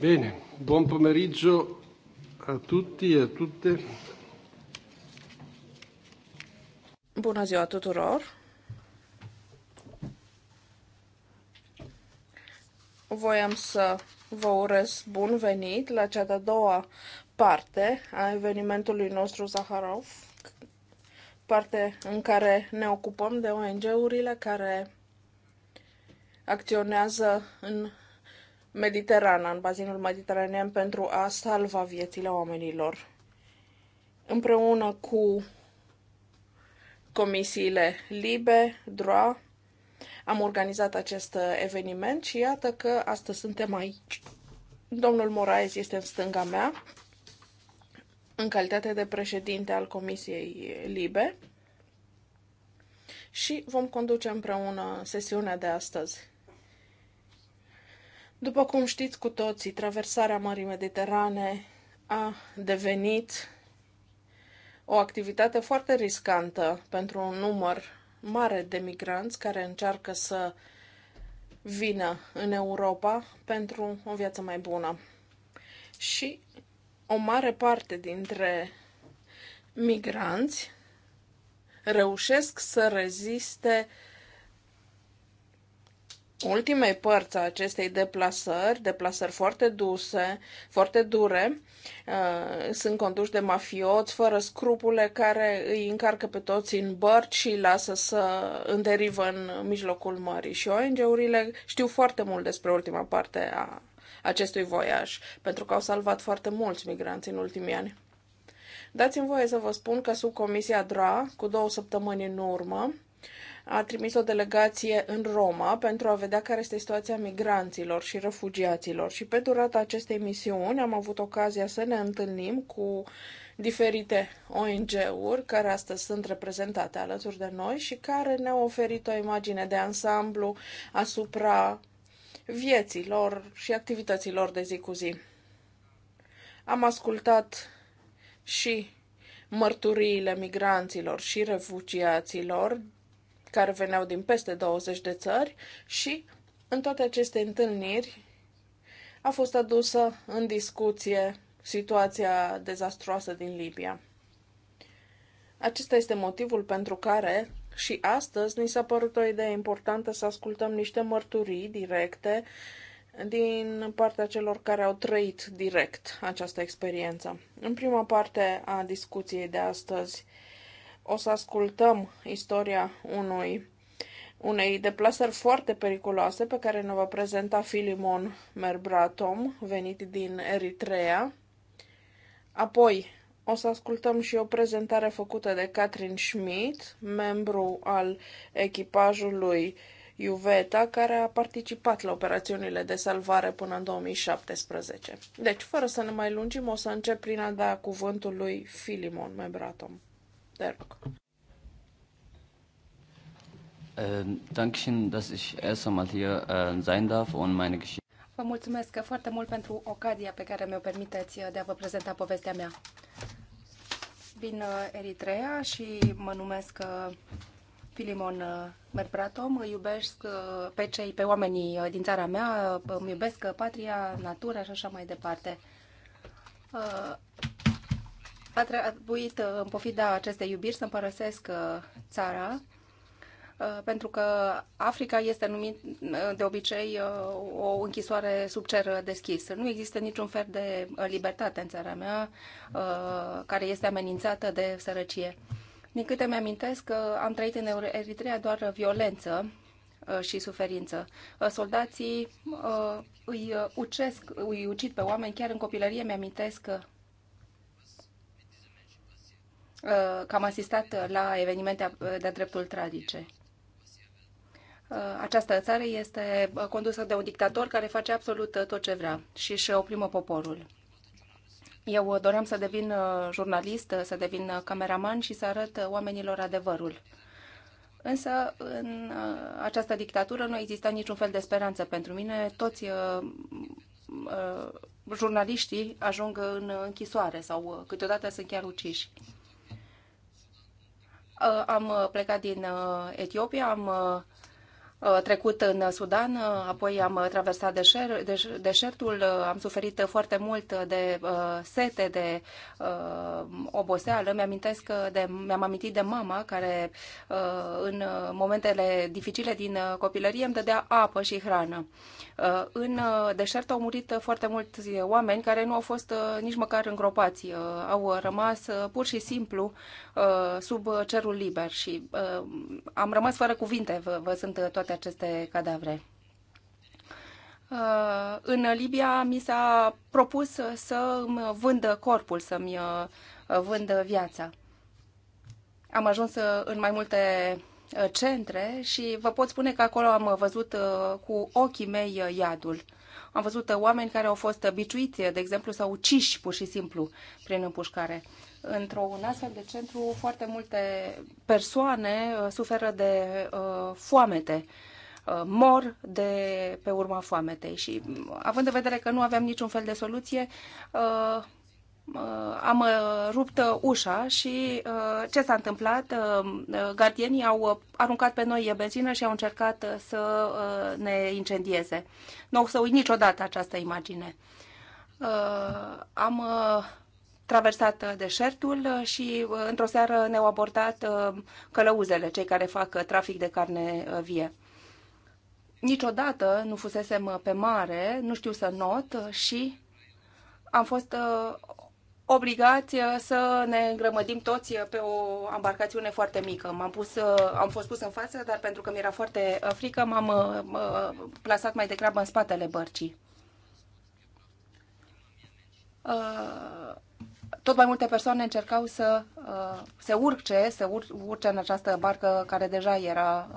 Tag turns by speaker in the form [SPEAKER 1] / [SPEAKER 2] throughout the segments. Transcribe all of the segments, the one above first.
[SPEAKER 1] Bine, buon pomeriggio a tutti e a tutte.
[SPEAKER 2] Bună ziua tuturor! Voiam să vă urez bun venit la cea de-a doua parte a evenimentului nostru Zaharov, parte în care ne ocupăm de ONG-urile care acționează în Mediterana, în bazinul mediteranean, pentru a salva viețile oamenilor. Împreună cu comisiile LIBE, DROA, am organizat acest eveniment și iată că astăzi suntem aici. Domnul Moraes este în stânga mea, în calitate de președinte al Comisiei LIBE și vom conduce împreună sesiunea de astăzi. După cum știți cu toții, traversarea Mării Mediterane a devenit o activitate foarte riscantă pentru un număr mare de migranți care încearcă să vină în Europa pentru o viață mai bună. Și o mare parte dintre migranți reușesc să reziste uh, ultimei părți a acestei deplasări, deplasări foarte duse, foarte dure, uh, sunt conduși de mafioți fără scrupule care îi încarcă pe toți în bărci și îi lasă să înderivă în mijlocul mării. Și ONG-urile știu foarte mult despre ultima parte a acestui voiaj, pentru că au salvat foarte mulți migranți în ultimii ani. Dați-mi voie să vă spun că sub comisia DRA, cu două săptămâni în urmă, a trimis o delegație în Roma pentru a vedea care este situația migranților și refugiaților. Și pe durata acestei misiuni am avut ocazia să ne întâlnim cu diferite ONG-uri care astăzi sunt reprezentate alături de noi și care ne-au oferit o imagine de ansamblu asupra vieților și activităților de zi cu zi. Am ascultat și mărturiile migranților și refugiaților care veneau din peste 20 de țări și în toate aceste întâlniri a fost adusă în discuție situația dezastroasă din Libia. Acesta este motivul pentru care și astăzi ni s-a părut o idee importantă să ascultăm niște mărturii directe din partea celor care au trăit direct această experiență. În prima parte a discuției de astăzi, o să ascultăm istoria unui, unei deplasări foarte periculoase pe care ne va prezenta Filimon Merbratom, venit din Eritrea. Apoi o să ascultăm și o prezentare făcută de Catherine Schmidt, membru al echipajului Iuveta, care a participat la operațiunile de salvare până în 2017. Deci, fără să ne mai lungim, o să încep prin a da cuvântul lui Filimon Membratom. Te rog.
[SPEAKER 1] Äh, Dankeschön, dass ich erst einmal hier äh, sein darf und meine Geschichte.
[SPEAKER 2] Vă mulțumesc
[SPEAKER 3] foarte mult pentru ocazia pe care mi-o permiteți uh, de a vă prezenta povestea mea. Vin uh, Eritrea și mă numesc uh, Filimon Mă iubesc pe cei, pe oamenii din țara mea, îmi iubesc patria, natura și așa mai departe a trebuit, uh, în pofida acestei iubiri, să împărăsesc uh, țara, uh, pentru că Africa este numit de obicei o închisoare sub cer deschis. Nu există niciun fel de libertate în țara mea care este amenințată de sărăcie. Din câte mi-amintesc că am trăit în Eritrea doar violență și suferință. Soldații îi, ucesc, îi ucid pe oameni chiar în copilărie, mi-amintesc Uh, că am asistat uh, la evenimente uh, de dreptul tragice. Această țară este condusă de un dictator care face absolut tot ce vrea și își oprimă poporul. Eu doream să devin jurnalist, să devin cameraman și să arăt oamenilor adevărul. Însă, în această dictatură nu exista niciun fel de speranță pentru mine. Toți jurnaliștii ajung în închisoare sau câteodată sunt chiar uciși. Uh, am uh, plecat din uh, Etiopia, am Uh, trecut în Sudan, uh, apoi am traversat deșer, deș, deșertul, uh, am suferit foarte mult de uh, sete, de uh, oboseală. Mi-amintesc mi-am amintit de mama care uh, în momentele dificile din copilărie îmi dădea apă și hrană. Uh, în deșert au murit foarte mulți oameni care nu au fost uh, nici măcar îngropați, uh, au rămas uh, pur și simplu uh, sub cerul liber și uh, am rămas fără cuvinte, vă, vă sunt toate toate aceste cadavre. Uh, în Libia mi s-a propus să îmi vând corpul, să-mi uh, vând viața. Am ajuns uh, în mai multe centre și vă pot spune că acolo am văzut cu ochii mei iadul. Am văzut oameni care au fost biciuiți, de exemplu, sau uciși pur și simplu prin împușcare. Într-un astfel de centru, foarte multe persoane uh, suferă de uh, foamete uh, mor de pe urma foametei și având în vedere că nu aveam niciun fel de soluție, uh, Uh, am uh, rupt uh, ușa și ce s-a întâmplat? Gardienii au aruncat pe noi benzină și au încercat să ne incendieze. Nu o să uit niciodată această imagine. Am traversat deșertul și într-o seară ne-au abordat călăuzele, cei care fac trafic de carne vie niciodată nu fusesem pe mare, nu știu să not și am fost obligați uh, să ne îngrămădim toți uh, pe o embarcațiune foarte mică. M-am pus, uh, am fost pus în față, dar pentru că mi-era foarte frică, m-am plasat mai degrabă în spatele bărcii. Tot mai multe persoane încercau să se urce, să urce în această barcă care deja era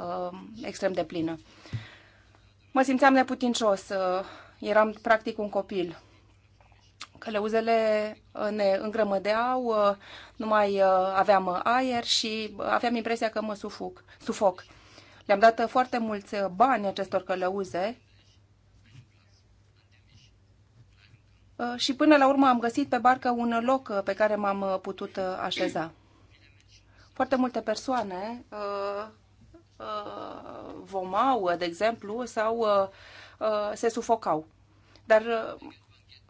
[SPEAKER 3] extrem de plină. Mă simțeam neputincios, eram practic un copil călăuzele uh, ne îngrămădeau, uh, nu mai uh, aveam aer și aveam impresia că mă sufoc. sufoc. Le-am dat foarte mulți bani acestor călăuze și până la urmă am găsit pe barcă un loc pe care m-am putut așeza. Foarte multe persoane vomau, de exemplu, sau se sufocau. Dar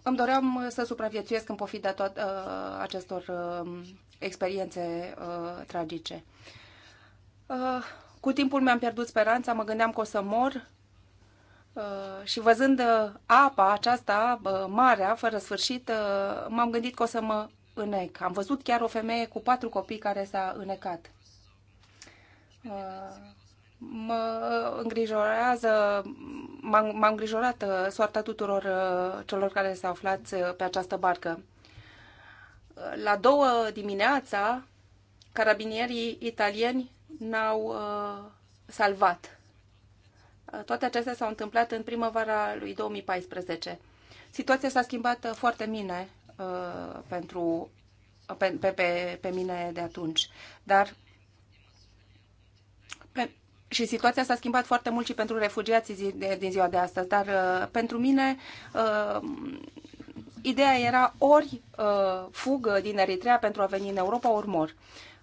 [SPEAKER 3] îmi doream uh, să supraviețuiesc în pofida tot, uh, acestor uh, experiențe uh, tragice. Uh, cu timpul mi-am pierdut speranța, mă gândeam că o să mor uh, și văzând uh, apa aceasta, uh, marea, fără sfârșit, uh, m-am gândit că o să mă înec. Am văzut chiar o femeie cu patru copii care s-a înecat. Uh, mă îngrijorează, m-a îngrijorat uh, soarta tuturor uh, celor care se aflați uh, pe această barcă. La două dimineața, carabinierii italieni n-au uh, salvat. Toate acestea s-au întâmplat în primăvara lui 2014. Situația s-a schimbat foarte bine uh, pentru, pe, pe, pe mine de atunci, dar pe, și situația s-a schimbat foarte mult și pentru refugiații zi, de, din ziua de astăzi, dar uh, pentru mine uh, ideea era ori uh, fugă din Eritrea pentru a veni în Europa, ori mor.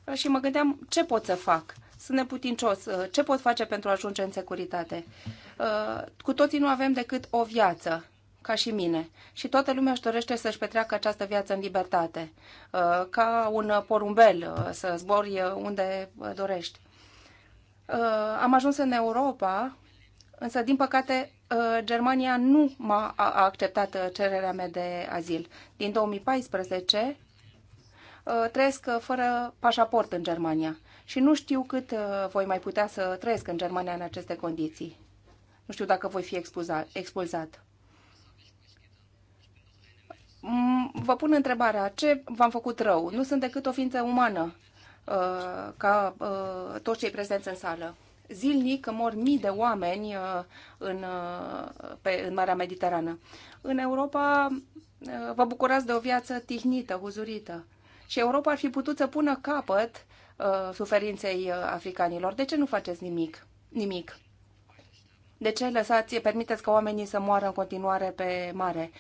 [SPEAKER 3] Uh, și mă gândeam ce pot să fac. Sunt neputincios. Uh, ce pot face pentru a ajunge în securitate? Uh, cu toții nu avem decât o viață ca și mine. Și toată lumea își dorește să-și petreacă această viață în libertate, uh, ca un porumbel, uh, să zbori uh, unde dorești. Uh, am ajuns în Europa, însă, din păcate, uh, Germania nu m-a acceptat uh, cererea mea de azil. Din 2014 trăiesc fără pașaport în Germania și nu știu cât voi mai putea să trăiesc în Germania în aceste condiții. Nu știu dacă voi fi expulzat. expulzat. Mm, vă pun întrebarea, ce v-am făcut rău? Nu sunt decât o ființă umană Uh, ca uh, toți cei prezenți în sală. Zilnic mor mii de oameni uh, în, pe, în Marea Mediterană. În Europa vă bucurați de o viață tihnită, huzurită. Și Europa ar fi putut să pună capăt suferinței africanilor. De ce nu faceți nimic? Nimic. De ce lăsați, permiteți ca oamenii să moară în continuare pe mare?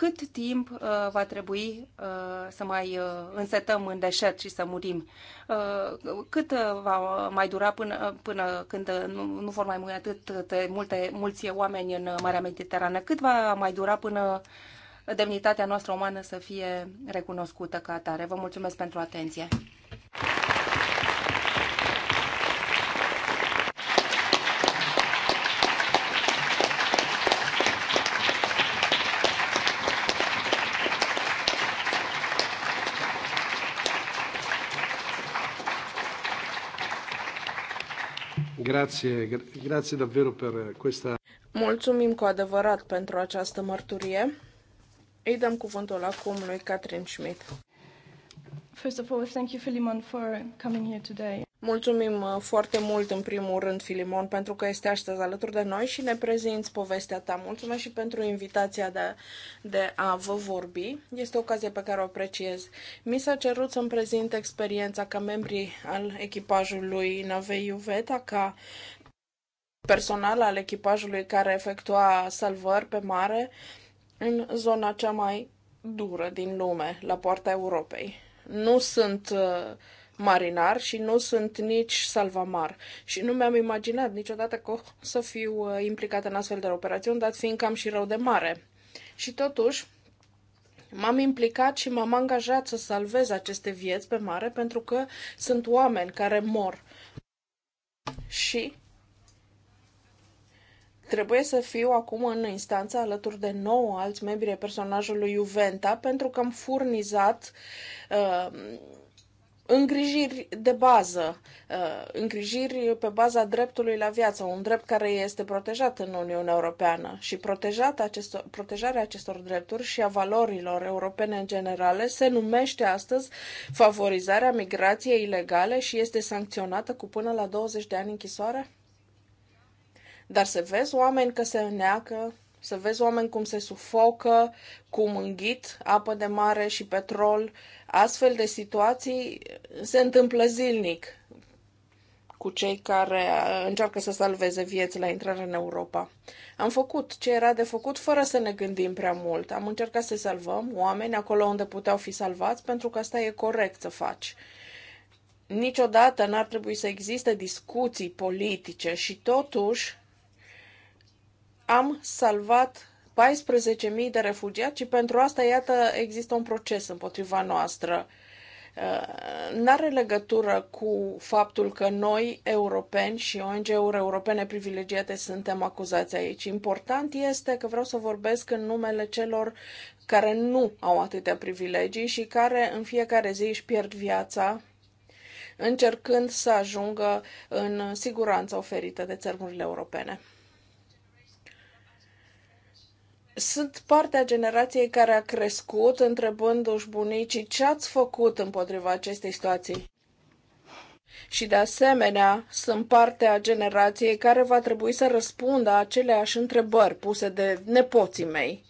[SPEAKER 3] cât timp uh, va trebui uh, să mai uh, însetăm în deșert și să murim? Uh, cât uh, va uh, mai dura până, uh, până când uh, nu, nu vor mai muri atât de multe, mulți oameni în uh, Marea Mediterană? Cât va mai dura până demnitatea noastră umană să fie recunoscută ca atare? Vă mulțumesc pentru atenție!
[SPEAKER 1] Grazie,
[SPEAKER 4] grazie davvero per questa...
[SPEAKER 2] Mulțumim cu adevărat pentru această mărturie. Îi dăm cuvântul acum lui Catherine Schmidt. First of all, thank you, Philemon, for coming here today. Mulțumim uh, foarte mult, în primul rând, Filimon, pentru că este astăzi alături de noi și ne prezinți povestea ta. Mulțumesc și pentru invitația de, de a vă vorbi. Este o ocazie pe care o apreciez. Mi s-a cerut să-mi prezint experiența ca membri al echipajului navei Iuveta, ca personal al echipajului care efectua salvări pe mare în zona cea mai dură din lume, la poarta Europei. Nu sunt uh, marinar și nu sunt nici salvamar. Și nu mi-am imaginat niciodată că o să fiu uh, implicată în astfel de operațiuni, dat fiind cam și rău de mare. Și totuși, M-am implicat și m-am angajat să salvez aceste vieți pe mare pentru că sunt oameni care mor. Și trebuie să fiu acum în instanță alături de nouă alți membri ai personajului Juventa pentru că am furnizat uh, îngrijiri de bază, uh, îngrijiri pe baza dreptului la viață, un drept care este protejat în Uniunea Europeană și protejat acestor, protejarea acestor drepturi și a valorilor europene în generale se numește astăzi favorizarea migrației ilegale și este sancționată cu până la 20 de ani închisoare? Dar se vezi oameni că se înneacă, să vezi oameni cum se sufocă, cum înghit apă de mare și petrol, uh, Astfel de situații se întâmplă zilnic cu cei care încearcă să salveze vieți la intrare în Europa. Am făcut ce era de făcut fără să ne gândim prea mult. Am încercat să salvăm oameni acolo unde puteau fi salvați, pentru că asta e corect să faci. Niciodată n-ar trebui să existe discuții politice și totuși am salvat 14.000 de refugiați și pentru asta, iată, există un proces împotriva noastră. Uh, n-are legătură cu faptul că noi, europeni și ONG-uri europene privilegiate, suntem acuzați aici. Important este că vreau să vorbesc în numele celor care nu au atâtea privilegii și care în fiecare zi își pierd viața încercând să ajungă în siguranța oferită de țărmurile europene sunt partea generației care a crescut întrebându-și bunicii ce ați făcut împotriva acestei situații. Și de asemenea, sunt partea generației care va trebui să răspundă aceleași întrebări puse de nepoții mei.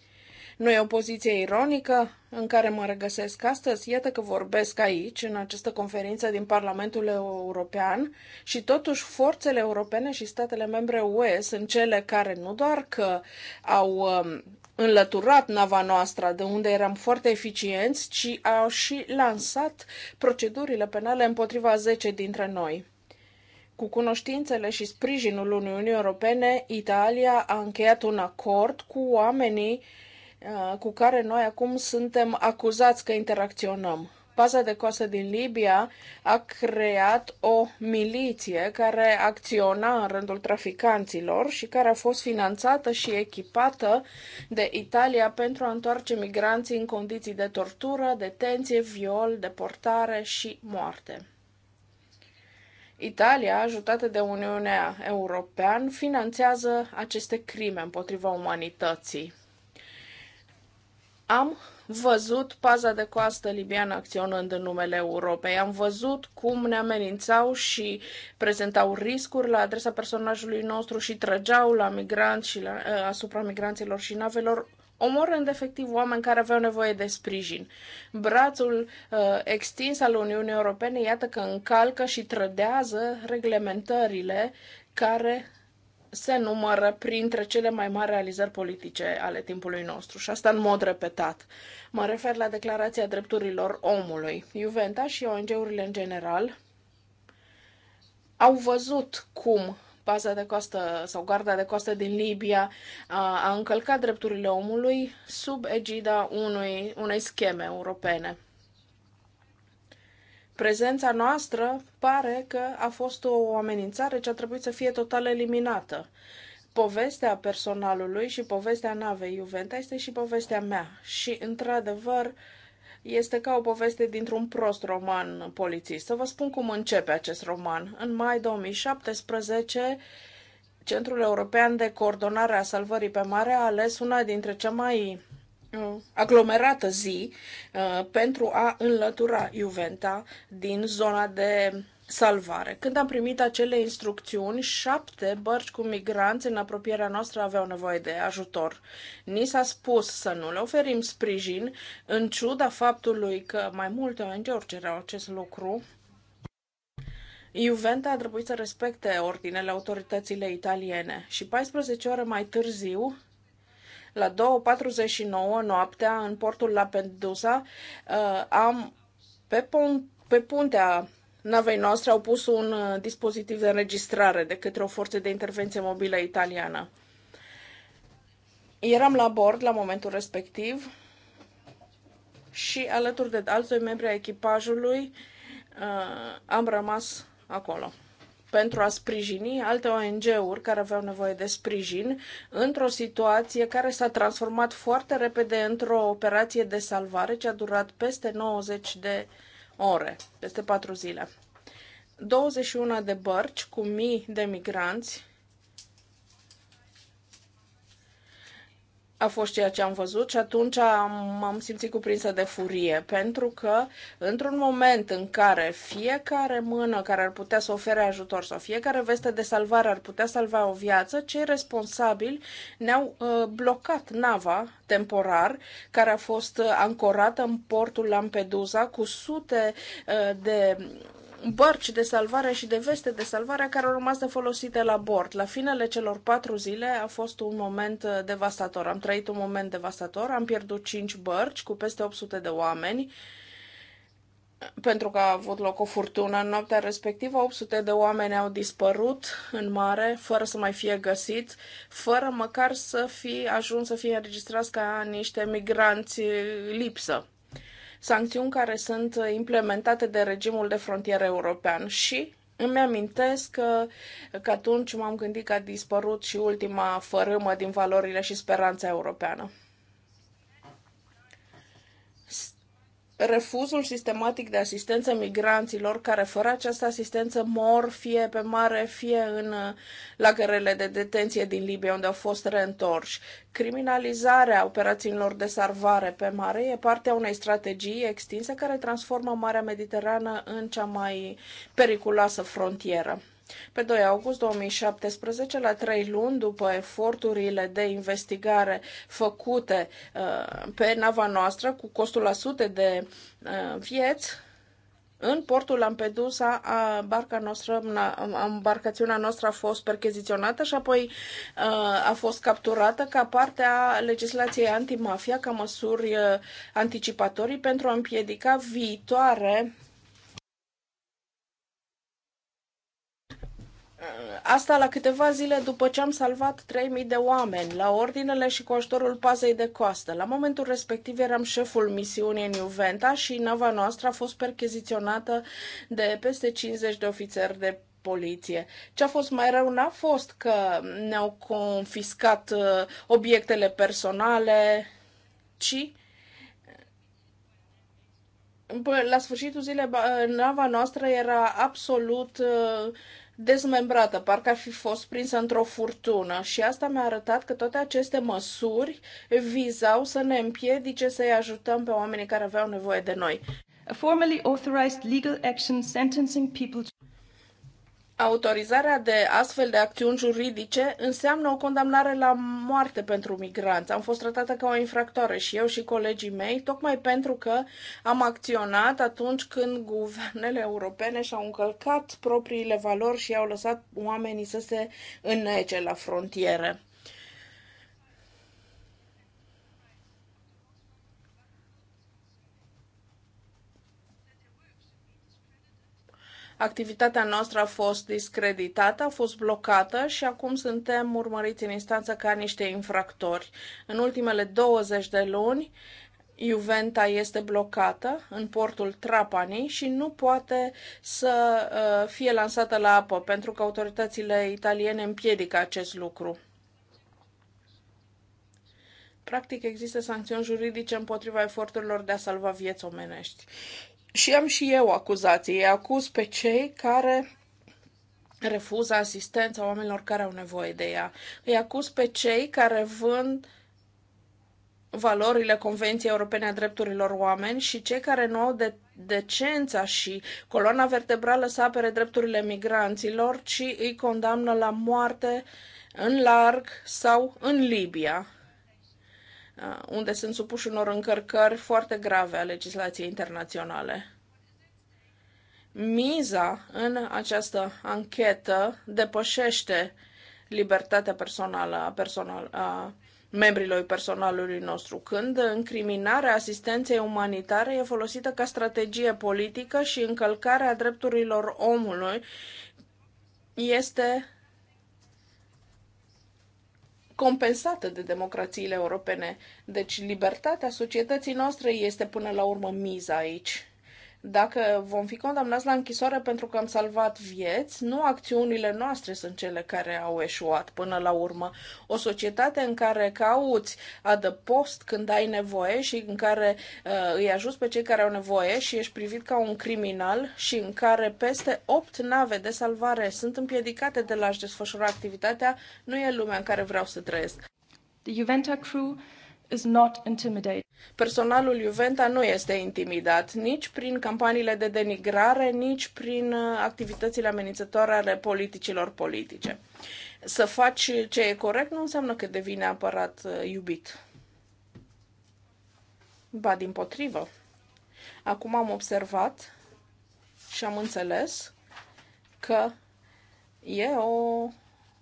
[SPEAKER 2] Nu e o poziție ironică în care mă regăsesc astăzi? Iată că vorbesc aici, în această conferință din Parlamentul European și totuși forțele europene și statele membre UE sunt cele care nu doar că au um, înlăturat nava noastră, de unde eram foarte eficienți, ci au și lansat procedurile penale împotriva 10 dintre noi. Cu cunoștințele și sprijinul Uniunii Europene, Italia a încheiat un acord cu oamenii uh, cu care noi acum suntem acuzați că interacționăm. Baza de coasă din Libia a creat o miliție care acționa în rândul traficanților și care a fost finanțată și echipată de Italia pentru a întoarce migranții în condiții de tortură, detenție, viol, deportare și moarte. Italia, ajutată de Uniunea Europeană, finanțează aceste crime împotriva umanității. Am văzut paza de coastă libiană acționând în numele Europei. Am văzut cum ne amenințau și prezentau riscuri la adresa personajului nostru și trăgeau la migranți și la, eh, asupra migranților și navelor omorând efectiv oameni care aveau nevoie de sprijin. Brațul uh, extins al Uniunii Europene, iată că încalcă și trădează reglementările care se numără printre cele mai mari realizări politice ale timpului nostru și asta în mod repetat. Mă refer la Declarația Drepturilor Omului. Juventa și ONG-urile în general au văzut cum baza de coastă sau garda de coastă din Libia a, a încălcat drepturile omului sub egida unui, unei scheme europene prezența noastră pare că a fost o amenințare ce a trebuit să fie total eliminată. Povestea personalului și povestea navei Juventa este și povestea mea. Și, într-adevăr, este ca o poveste dintr-un prost roman polițist. Să vă spun cum începe acest roman. În mai 2017, Centrul European de Coordonare a Salvării pe Mare a ales una dintre cea mai aglomerată zi uh, pentru a înlătura Juventa din zona de salvare. Când am primit acele instrucțiuni, șapte bărci cu migranți în apropierea noastră aveau nevoie de ajutor. Ni s-a spus să nu le oferim sprijin, în ciuda faptului că mai multe ONG-uri cereau acest lucru. Juventa a trebuit să respecte ordinele autoritățile italiene și 14 ore mai târziu la 2.49 noaptea, în portul Lampedusa, uh, am pe, pun- pe puntea navei noastre au pus un uh, dispozitiv de înregistrare de către o forță de intervenție mobilă italiană. Eram la bord la momentul respectiv și alături de alți doi membri ai echipajului uh, am rămas acolo pentru a sprijini alte ONG-uri care aveau nevoie de sprijin într-o situație care s-a transformat foarte repede într-o operație de salvare ce a durat peste 90 de ore, peste 4 zile. 21 de bărci cu mii de migranți a fost ceea ce am văzut și atunci m-am simțit cuprinsă de furie, pentru că într-un moment în care fiecare mână care ar putea să ofere ajutor sau fiecare veste de salvare ar putea salva o viață, cei responsabili ne-au uh, blocat nava temporar care a fost uh, ancorată în portul Lampedusa cu sute uh, de bărci de salvare și de veste de salvare care au rămas de folosite la bord. La finele celor patru zile a fost un moment uh, devastator. Am trăit un moment devastator, am pierdut cinci bărci cu peste 800 de oameni pentru că a avut loc o furtună în noaptea respectivă, 800 de oameni au dispărut în mare, fără să mai fie găsit, fără măcar să fi ajuns să fie înregistrați ca niște migranți uh, lipsă sancțiuni care sunt implementate de regimul de frontieră european și îmi amintesc că, că atunci m-am gândit că a dispărut și ultima fărâmă din valorile și speranța europeană. refuzul sistematic de asistență migranților care fără această asistență mor fie pe mare, fie în uh, lagărele de detenție din Libia, unde au fost reîntorși. Criminalizarea operațiunilor de salvare pe mare e partea unei strategii extinse care transformă Marea Mediterană în cea mai periculoasă frontieră. Pe 2 august 2017, la trei luni după eforturile de investigare făcute uh, pe nava noastră cu costul la sute de uh, vieți, în portul Lampedusa, a barca noastră, embarcațiunea noastră a fost percheziționată și apoi uh, a fost capturată ca parte a legislației antimafia, ca măsuri anticipatorii pentru a împiedica viitoare Asta la câteva zile după ce am salvat 3000 de oameni, la ordinele și cu ajutorul pazei de coastă. La momentul respectiv eram șeful misiunii în Juventa și nava noastră a fost percheziționată de peste 50 de ofițeri de poliție. Ce a fost mai rău n-a fost că ne-au confiscat uh, obiectele personale, ci la sfârșitul zilei uh, nava noastră era absolut uh, dezmembrată, parcă ar fi fost prinsă într-o furtună și asta mi-a arătat că toate aceste măsuri vizau să ne împiedice să-i ajutăm pe oamenii care aveau nevoie de noi. A formally authorized legal action sentencing people to... Autorizarea de astfel de acțiuni juridice înseamnă o condamnare la moarte pentru migranți. Am fost tratată ca o infractoare și eu și colegii mei, tocmai pentru că am acționat atunci când guvernele europene și-au încălcat propriile valori și au lăsat oamenii să se înnece la frontiere. Activitatea noastră a fost discreditată, a fost blocată și acum suntem urmăriți în instanță ca niște infractori. În ultimele 20 de luni, Juventa este blocată în portul Trapani și nu poate să uh, fie lansată la apă, pentru că autoritățile italiene împiedică acest lucru. Practic există sancțiuni juridice împotriva eforturilor de a salva vieți omenești. Și am și eu acuzații. E acuz pe cei care refuză asistența oamenilor care au nevoie de ea. Îi acuz pe cei care vând valorile Convenției Europene a Drepturilor Oameni și cei care nu au de decența și coloana vertebrală să apere drepturile migranților, ci îi condamnă la moarte în larg sau în Libia, Uh, unde sunt supuși unor încărcări foarte grave a legislației internaționale. Miza în această anchetă depășește libertatea personală a, personal, a membrilor personalului nostru, când încriminarea asistenței umanitare e folosită ca strategie politică și încălcarea drepturilor omului este compensată de democrațiile europene. Deci libertatea societății noastre este până la urmă miza aici. Dacă vom fi condamnați la închisoare pentru că am salvat vieți, nu acțiunile noastre sunt cele care au eșuat până la urmă. O societate în care cauți adăpost când ai nevoie și în care uh, îi ajuți pe cei care au nevoie și ești privit ca un criminal și în care peste 8 nave de salvare sunt împiedicate de la a-și desfășura activitatea, nu e lumea în care vreau să trăiesc. The Juventa crew is not intimidated. Personalul Juventa nu este intimidat nici prin campaniile de denigrare, nici prin uh, activitățile amenințătoare ale politicilor politice. Să faci ce e corect nu înseamnă că devii neapărat uh, iubit. Ba, din potrivă. Acum am observat și am înțeles că e o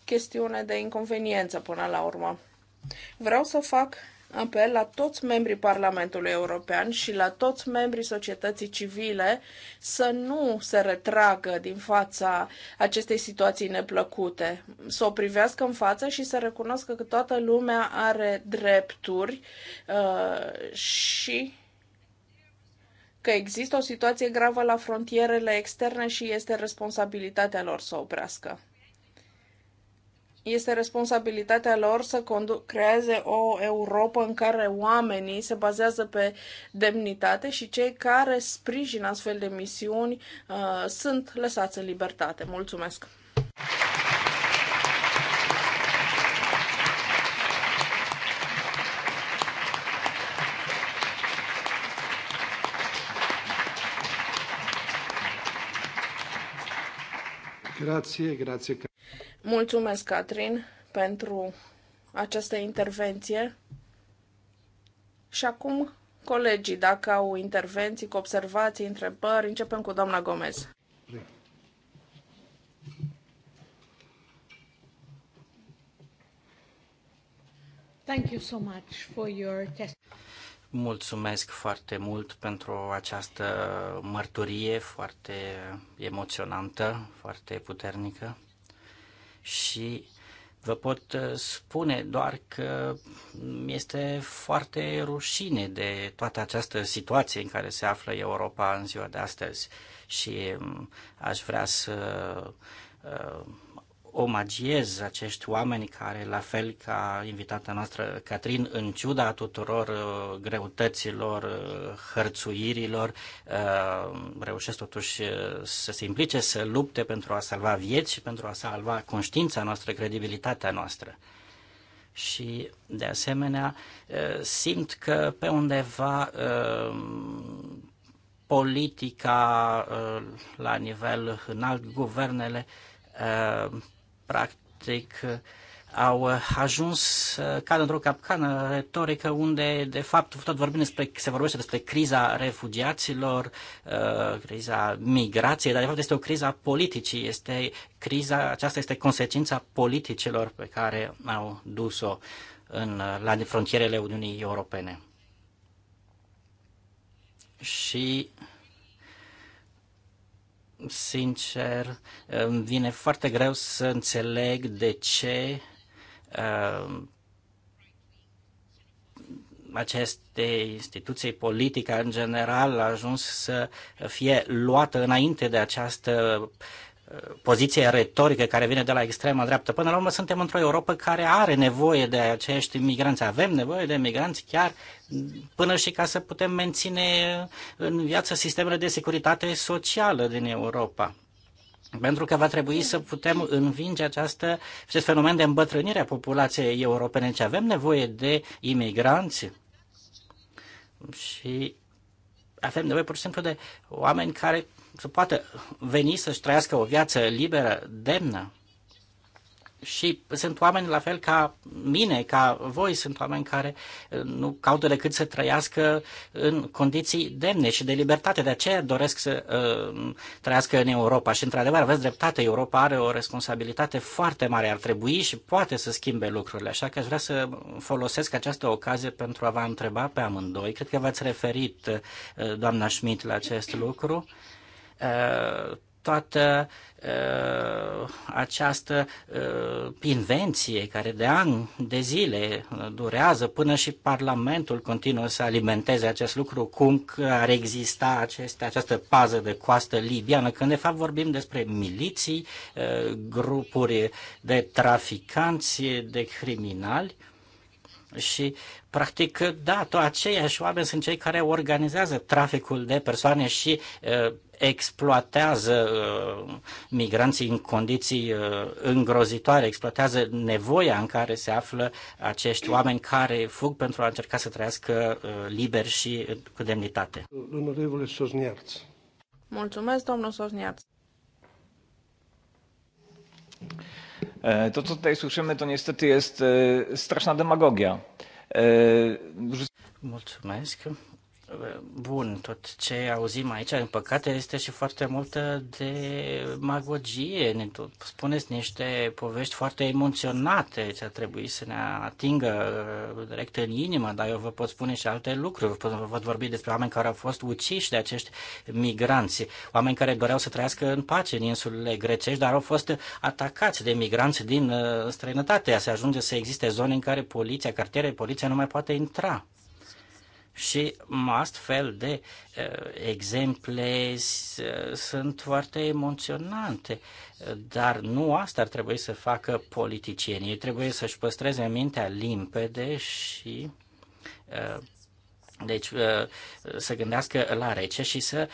[SPEAKER 2] chestiune de inconveniență până la urmă. Vreau să fac apel la toți membrii Parlamentului European și la toți membrii societății civile să nu se retragă din fața acestei situații neplăcute, să o privească în față și să recunoască că toată lumea are drepturi uh, și că există o situație gravă la frontierele externe și este responsabilitatea lor să oprească este responsabilitatea lor să creeze o Europa în care oamenii se bazează pe demnitate și cei care sprijină astfel de misiuni uh, sunt lăsați în libertate. Mulțumesc! Grazie, grazie. Mulțumesc, Catrin, pentru această intervenție. Și acum, colegii, dacă au intervenții, cu observații, întrebări, începem cu doamna Gomez. Thank you so much for your test.
[SPEAKER 1] Mulțumesc foarte mult pentru această mărturie foarte emoționantă, foarte puternică și vă pot uh, spune doar că este foarte rușine de toată această situație în care se află Europa în ziua de astăzi și um, aș vrea să uh, omagiez acești oameni care, la fel ca invitata noastră Catrin, în ciuda tuturor uh, greutăților, uh, hărțuirilor, uh, reușesc totuși să se implice, să lupte pentru a salva vieți și pentru a salva conștiința noastră, credibilitatea noastră. Și, de asemenea, simt că pe undeva politica la nivel înalt, guvernele practic au ajuns, uh, ca într-o capcană retorică unde, de fapt, tot vorbim despre, se vorbește despre criza refugiaților, uh, criza migrației, dar, de fapt, este o criza politicii, este criza, aceasta este consecința politicilor pe care au dus-o în, la frontierele Uniunii Europene. Și sincer, îmi vine foarte greu să înțeleg de ce uh, aceste instituții politice în general a ajuns să fie luată înainte de această poziție retorică care vine de la extrema dreaptă. Până la urmă suntem într-o Europa care are nevoie de acești migranți. Avem nevoie de migranți chiar până și ca să putem menține în viață sistemele de securitate socială din Europa. Pentru că va trebui să putem învinge această, acest fenomen de îmbătrânire a populației europene. Ce deci avem nevoie de imigranți și avem nevoie pur și simplu de oameni care să poată veni să-și trăiască o viață liberă, demnă. Și sunt oameni la fel ca mine, ca voi, sunt oameni care eh, nu caută decât să trăiască în condiții demne și de libertate. De aceea doresc să uh, trăiască în Europa. Și, într-adevăr, aveți dreptate, Europa are o responsabilitate foarte mare. Ar trebui și poate să schimbe lucrurile. Așa că aș vrea să folosesc această ocazie pentru a vă întreba pe amândoi. Cred că v-ați referit, eh, doamna Schmidt, la acest lucru. Uh, Uh, toată uh, această uh, invenție care de ani de zile durează până și Parlamentul continuă să alimenteze acest lucru, cum ar exista aceste, această pază de coastă libiană, când de fapt vorbim despre miliții, grupuri de traficanți, de criminali, și, practic, da, tot aceiași oameni sunt cei care organizează traficul de persoane și uh, exploatează uh, migranții în condiții uh, îngrozitoare, exploatează nevoia în care se află acești oameni care fug pentru a încerca să trăiască uh, liber și uh, cu demnitate.
[SPEAKER 4] Domnule Sosniarț.
[SPEAKER 2] Mulțumesc, domnul Sosniarț.
[SPEAKER 1] To, co tutaj słyszymy, to niestety jest straszna demagogia. Mulțumesc bun, tot ce auzim aici, în păcate, este și foarte multă de magogie. Ne spuneți niște povești foarte emoționate ce ar trebui să ne atingă uh, direct în inimă, dar eu vă pot spune și alte lucruri. Vă pot vorbi despre oameni care au fost uciși de acești migranți, oameni care doreau să trăiască în pace în insulele grecești, dar au fost atacați de migranți din uh, străinătate. Se ajunge să existe zone în care poliția, cartiere, poliția nu mai poate intra și astfel de uh, exemple uh, sunt foarte emoționante, dar nu asta ar trebui să facă politicienii. Ei trebuie să-și păstreze mintea limpede și uh, deci să gândească la rece și să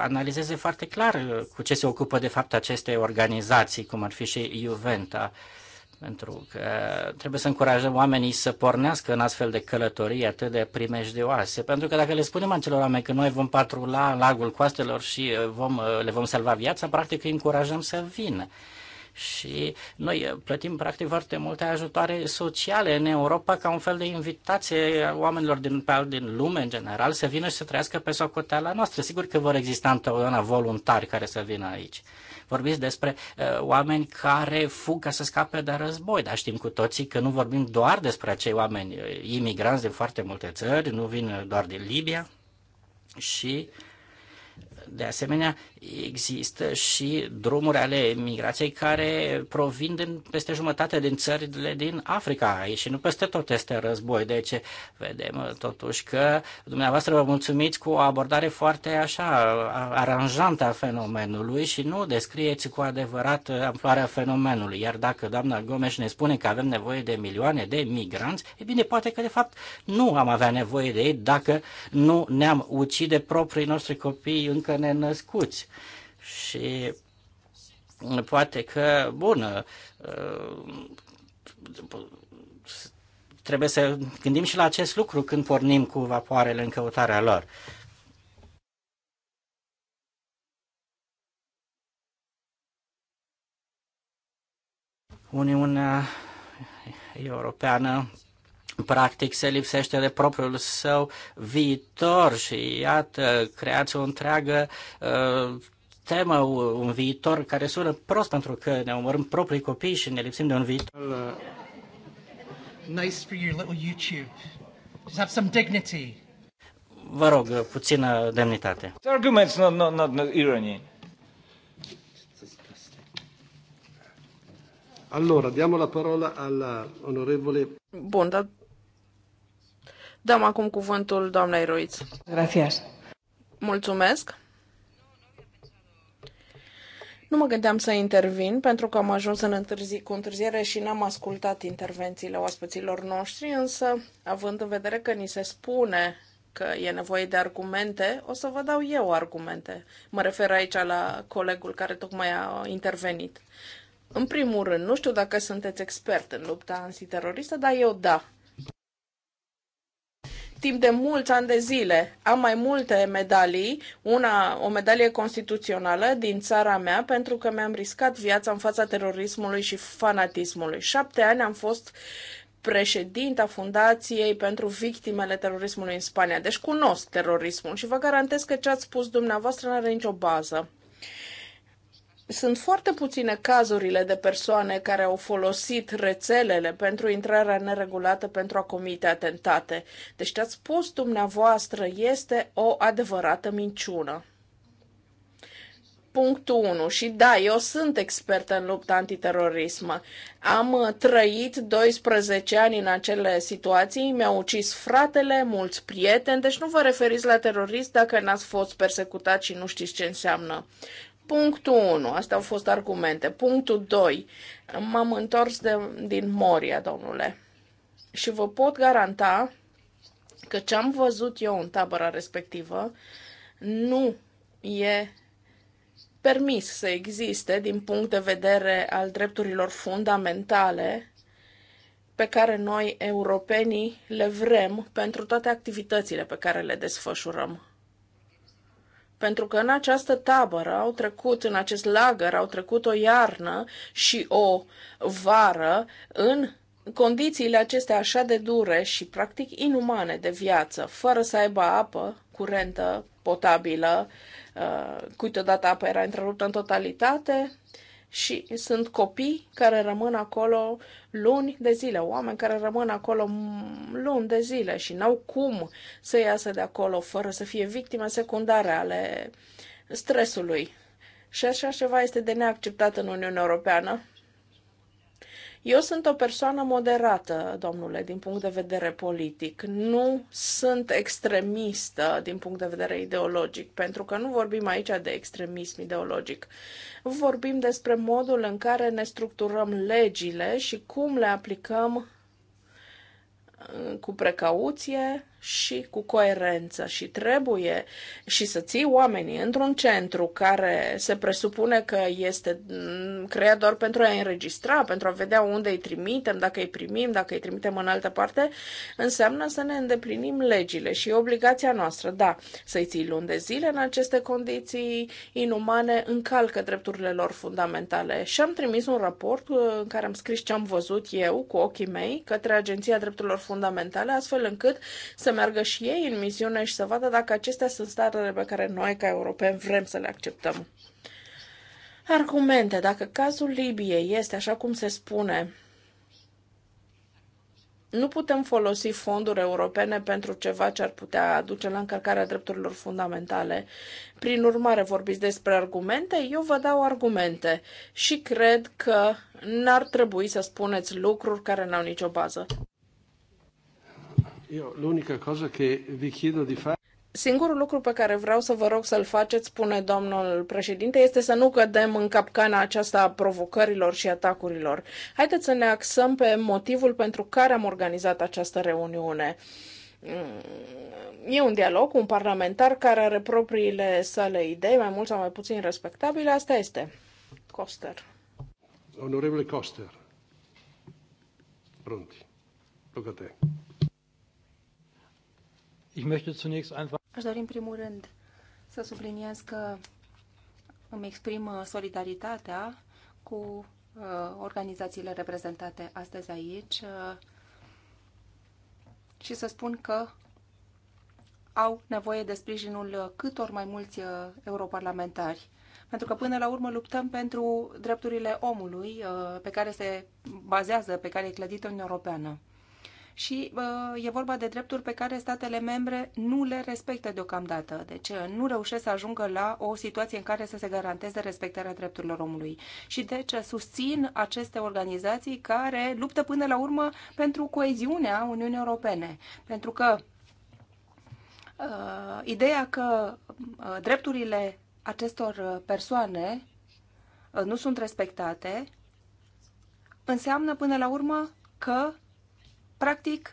[SPEAKER 1] analizeze foarte clar cu ce se ocupă de fapt aceste organizații, cum ar fi și Juventa pentru că trebuie să încurajăm oamenii să pornească în astfel de călătorii atât de primejdioase, pentru că dacă le spunem acelor oameni că noi vom patrula lagul coastelor și uh, vom, uh, le vom salva viața, practic îi încurajăm să vină. Și noi uh, plătim practic foarte multe ajutoare sociale în Europa ca un fel de invitație oamenilor din, din lume în general să vină și să trăiască pe socoteala noastră. Sigur că vor exista întotdeauna voluntari care să vină aici vorbiți despre uh, oameni care fug ca să scape de război, dar știm cu toții că nu vorbim doar despre acei oameni imigranți din foarte multe țări, nu vin doar din Libia și uh, de asemenea, există și drumuri ale migrației care provin din peste jumătate din țările din Africa și nu peste tot este război. Deci vedem uh, totuși că dumneavoastră vă mulțumiți cu o abordare foarte așa uh, aranjantă a fenomenului și nu descrieți cu adevărat uh, amploarea fenomenului. Iar dacă doamna Gomes ne spune că avem nevoie de milioane de migranți, e bine, poate că de fapt nu am avea nevoie de ei dacă nu ne-am ucide proprii noștri copii încă încă nenăscuți. Și poate că, bună, uh, trebuie să gândim și la acest lucru când pornim cu vapoarele în căutarea lor. Uniunea Europeană practic se lipsește de propriul său viitor și iată, creați o întreagă uh, temă, un viitor care sună prost pentru că ne omorâm proprii copii și ne lipsim de un viitor. Uh,
[SPEAKER 4] nice for your little YouTube. Just have some dignity.
[SPEAKER 1] Vă rog, puțină demnitate. Arguments, not, not, not, not irony.
[SPEAKER 4] Allora, diamo la parola uh, onorevole...
[SPEAKER 2] Bun, dar Dăm acum cuvântul doamnei Ruiz. Gracias. Mulțumesc. Nu mă gândeam să intervin pentru că am ajuns în întârzi, cu întârziere și n-am ascultat intervențiile oaspeților noștri, însă, având în vedere că ni se spune că e nevoie de argumente, o să vă dau eu argumente. Mă refer aici la colegul care tocmai a intervenit. În primul rând, nu știu dacă sunteți expert în lupta antiteroristă, dar eu da timp de mulți ani de zile. Am mai multe medalii, una, o medalie constituțională din țara mea, pentru că mi-am riscat viața în fața terorismului și fanatismului. Șapte ani am fost președinta Fundației pentru Victimele Terorismului în Spania. Deci cunosc terorismul și vă garantez că ce ați spus dumneavoastră nu are nicio bază sunt foarte puține cazurile de persoane care au folosit rețelele pentru intrarea neregulată pentru a comite atentate. Deci ce ați spus dumneavoastră este o adevărată minciună. Punctul 1. Și da, eu sunt expertă în lupta antiterorismă. Am trăit 12 ani în acele situații, mi-au ucis fratele, mulți prieteni, deci nu vă referiți la terorist dacă n-ați fost persecutat și nu știți ce înseamnă Punctul 1, astea au fost argumente. Punctul 2, m-am întors de, din Moria, domnule. Și vă pot garanta că ce am văzut eu în tabăra respectivă nu e permis să existe din punct de vedere al drepturilor fundamentale pe care noi, europenii, le vrem pentru toate activitățile pe care le desfășurăm pentru că în această tabără au trecut, în acest lagăr, au trecut o iarnă și o vară în condițiile acestea așa de dure și practic inumane de viață, fără să aibă apă curentă, potabilă, uh, câteodată apa era întreruptă în totalitate, și sunt copii care rămân acolo luni de zile, oameni care rămân acolo luni de zile și n-au cum să iasă de acolo fără să fie victime secundare ale stresului. Și așa ceva este de neacceptat în Uniunea Europeană. Eu sunt o persoană moderată, domnule, din punct de vedere politic. Nu sunt extremistă din punct de vedere ideologic, pentru că nu vorbim aici de extremism ideologic. Vorbim despre modul în care ne structurăm legile și cum le aplicăm uh, cu precauție, și cu coerență și trebuie și să ții oamenii într-un centru care se presupune că este mm, creat doar pentru a înregistra, pentru a vedea unde îi trimitem, dacă îi primim, dacă îi trimitem în altă parte, înseamnă să ne îndeplinim legile și obligația noastră, da, să-i ții luni de zile în aceste condiții inumane, încalcă drepturile lor fundamentale. Și am trimis un raport uh, în care am scris ce am văzut eu cu ochii mei către Agenția Drepturilor Fundamentale, astfel încât să meargă și ei în misiune și să vadă dacă acestea sunt statele pe care noi, ca europeni, vrem să le acceptăm. Argumente. Dacă cazul Libiei este așa cum se spune, nu putem folosi fonduri europene pentru ceva ce ar putea aduce la încărcarea drepturilor fundamentale. Prin urmare, vorbiți despre argumente, eu vă dau argumente și cred că n-ar trebui să spuneți lucruri care n-au nicio bază.
[SPEAKER 4] Eu, l'unica cosa che vi chiedo di fare...
[SPEAKER 2] Singurul lucru pe care vreau să vă rog să-l faceți, spune domnul președinte, este să nu cădem în capcana aceasta a provocărilor și atacurilor. Haideți să ne axăm pe motivul pentru care am organizat această reuniune. Mm, e un dialog cu un parlamentar care are propriile sale idei, mai mult sau mai puțin respectabile, asta este. Coster.
[SPEAKER 4] Onorevole Coster. Pronti. Loc Ich möchte zunächst einfach...
[SPEAKER 3] Aș dori în primul rând să subliniez că îmi exprim uh, solidaritatea cu uh, organizațiile reprezentate astăzi aici uh, și să spun că au nevoie de sprijinul câtor mai mulți europarlamentari. Pentru că până la urmă luptăm pentru drepturile omului pe care se bazează, pe care e clădită Uniunea Europeană și uh, e vorba de drepturi pe care statele membre nu le respectă deocamdată. Deci uh, nu reușesc să ajungă la o situație în care să se garanteze respectarea drepturilor omului. Și deci uh, susțin aceste organizații care luptă până la urmă pentru coeziunea Uniunii Europene. Pentru că uh, ideea că uh, drepturile acestor uh, persoane nu sunt respectate, înseamnă până la urmă că practic,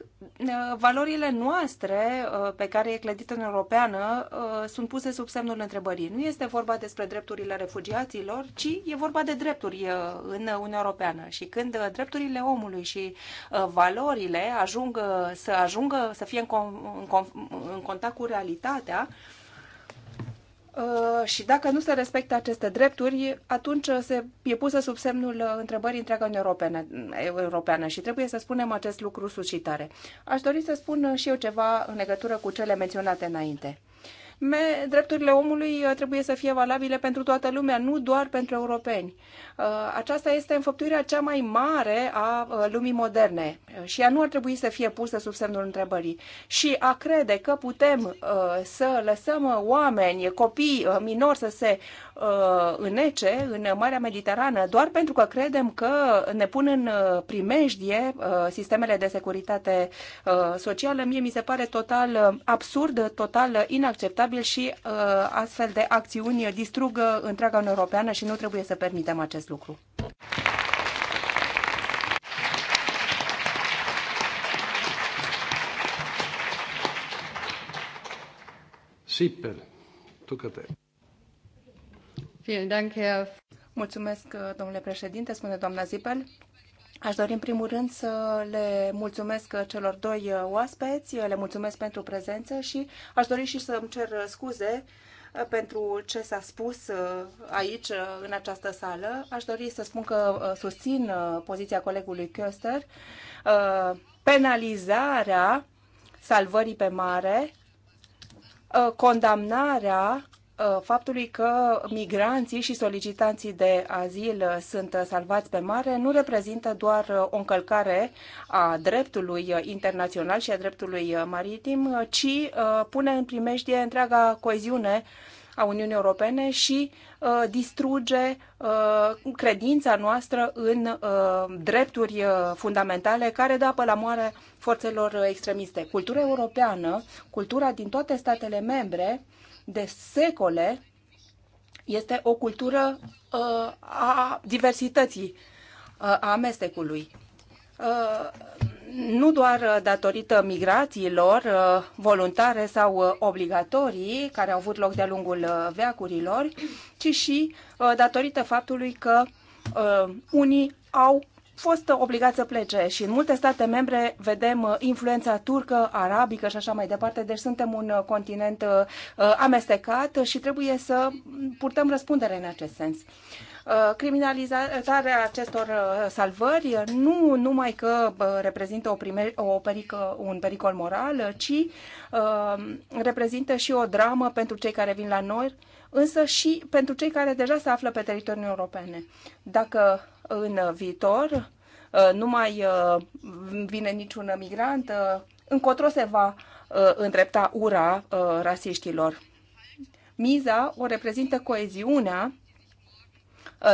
[SPEAKER 3] valorile noastre uh, pe care e clădită în europeană uh, sunt puse sub semnul întrebării. Nu este vorba despre drepturile refugiaților, ci e vorba de drepturi uh, în Uniunea Europeană. Și când drepturile omului și valorile ajung să ajungă să fie în, con, în, con, în contact cu realitatea, Uh, și dacă nu se respectă aceste drepturi, atunci se e pusă sub semnul uh, întrebării întreaga în uh, Europeană și trebuie să spunem acest lucru suscitare. Aș dori să spun și eu ceva în legătură cu cele menționate înainte me drepturile omului uh, trebuie să fie valabile pentru toată lumea, nu doar pentru europeni. Uh, aceasta este înfăptuirea cea mai mare a uh, lumii moderne și ea nu ar trebui să fie pusă sub semnul întrebării. Și a crede că putem să lăsăm oameni, copii, minori să se înnece în Marea Mediterană doar pentru că credem că ne pun în primejdie sistemele de securitate socială, mie mi se pare total absurd, total inacceptabil responsabil și uh, astfel de acțiuni distrug întreaga Uniune Europeană și nu trebuie să permitem acest lucru.
[SPEAKER 2] Sipel, tu câte?
[SPEAKER 3] Mulțumesc, domnule președinte, spune doamna Zipel. Aș dori în primul rând să le mulțumesc celor doi oaspeți, le mulțumesc pentru prezență și aș dori și să-mi cer scuze pentru ce s-a spus aici, în această sală. Aș dori să spun că uh, susțin uh, poziția colegului Köster, uh, penalizarea salvării pe mare, condamnarea Uh, faptului că migranții și solicitanții de azil uh, sunt uh, salvați pe mare nu reprezintă doar o încălcare a dreptului internațional și a dreptului maritim, ci pune în primejdie întreaga coeziune a Uniunii Europene și uh, distruge uh, credința noastră în uh, drepturi fundamentale care dă apă la moare forțelor extremiste. Cultura europeană, cultura din toate statele membre, uh, de secole este o cultură uh, a diversității, uh, a amestecului.
[SPEAKER 2] Uh,
[SPEAKER 3] nu doar datorită migrațiilor uh, voluntare sau uh, obligatorii care au avut loc de-a lungul uh, veacurilor, ci și datorită faptului că unii au fost obligat să plece și în multe state membre vedem uh, influența turcă, arabică și așa mai departe, deci suntem un uh, continent uh, amestecat și trebuie să purtăm răspundere în acest sens criminalizarea acestor salvări nu numai că reprezintă o, primer, o perică, un pericol moral, ci uh, reprezintă și o dramă pentru cei care vin la noi, însă și pentru cei care deja se află pe teritoriul europene. Dacă în viitor uh, nu mai uh, vine niciun migrant, uh, încotro se va îndrepta ura rasiștilor. Miza o reprezintă coeziunea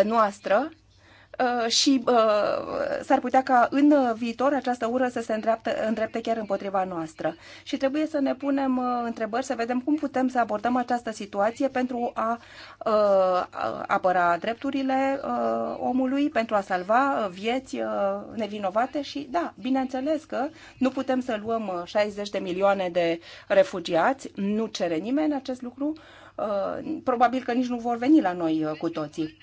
[SPEAKER 3] noastră Uh, și uh, s-ar putea ca în viitor această ură să se îndreaptă, îndrepte chiar împotriva noastră. Și trebuie să ne punem uh, întrebări, să vedem cum putem să abordăm această situație pentru a apăra drepturile omului, pentru a salva vieți nevinovate și, da, bineînțeles că nu putem să luăm 60 de milioane de refugiați, nu cere nimeni acest lucru, probabil că nici nu vor veni la noi cu toții.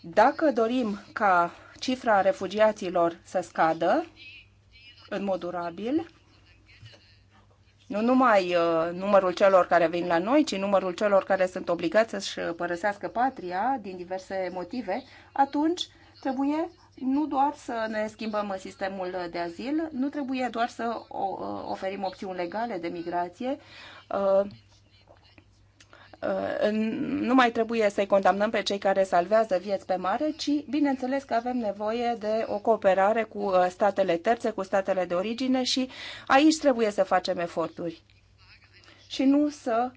[SPEAKER 3] Dacă dorim ca cifra refugiaților să scadă în mod durabil, nu numai uh, numărul celor care vin la noi, ci numărul celor care sunt obligați să-și uh, părăsească patria din diverse motive, atunci trebuie nu doar să ne schimbăm sistemul de azil, nu trebuie doar să uh, oferim opțiuni legale de migrație, uh, nu mai trebuie să-i condamnăm pe cei care salvează vieți pe mare, ci bineînțeles că avem nevoie de o cooperare cu uh, statele terțe, cu statele de origine și aici trebuie să facem eforturi și nu să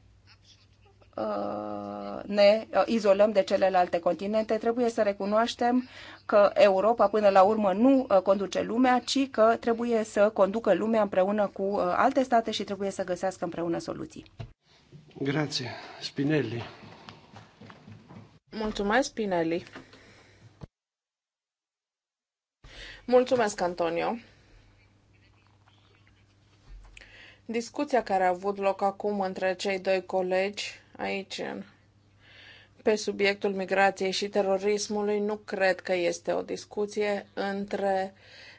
[SPEAKER 3] uh, ne uh, izolăm de celelalte continente, trebuie să recunoaștem că Europa până la urmă nu conduce lumea, ci că trebuie să conducă lumea împreună cu alte state și trebuie să găsească împreună soluții.
[SPEAKER 2] Grazie. Spinelli. Mulțumesc, Spinelli. Mulțumesc, Antonio. Discuția care a avut loc acum între cei doi colegi aici în pe subiectul migrației și terorismului nu cred că este o discuție între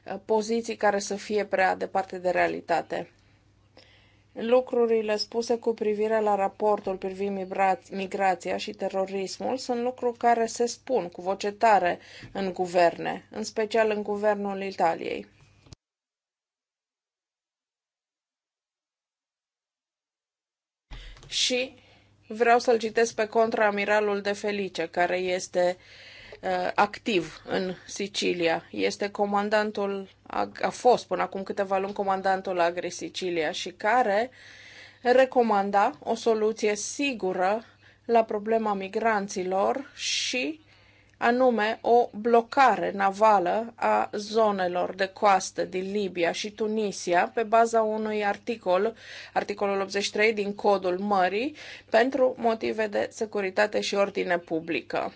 [SPEAKER 2] uh, poziții care să fie prea departe de realitate. Lucrurile spuse cu privire la raportul privind migrația și terorismul sunt lucruri care se spun cu voce tare în guverne, în special în guvernul Italiei. Și vreau să-l citesc pe contraamiralul de Felice, care este uh, Uh, activ în Sicilia. Este comandantul, a, a fost până acum câteva luni comandantul Agri Sicilia și care recomanda o soluție sigură la problema migranților și anume o blocare navală a zonelor de coastă din Libia și Tunisia pe baza unui articol, articolul 83 din Codul Mării, pentru motive de securitate și ordine publică.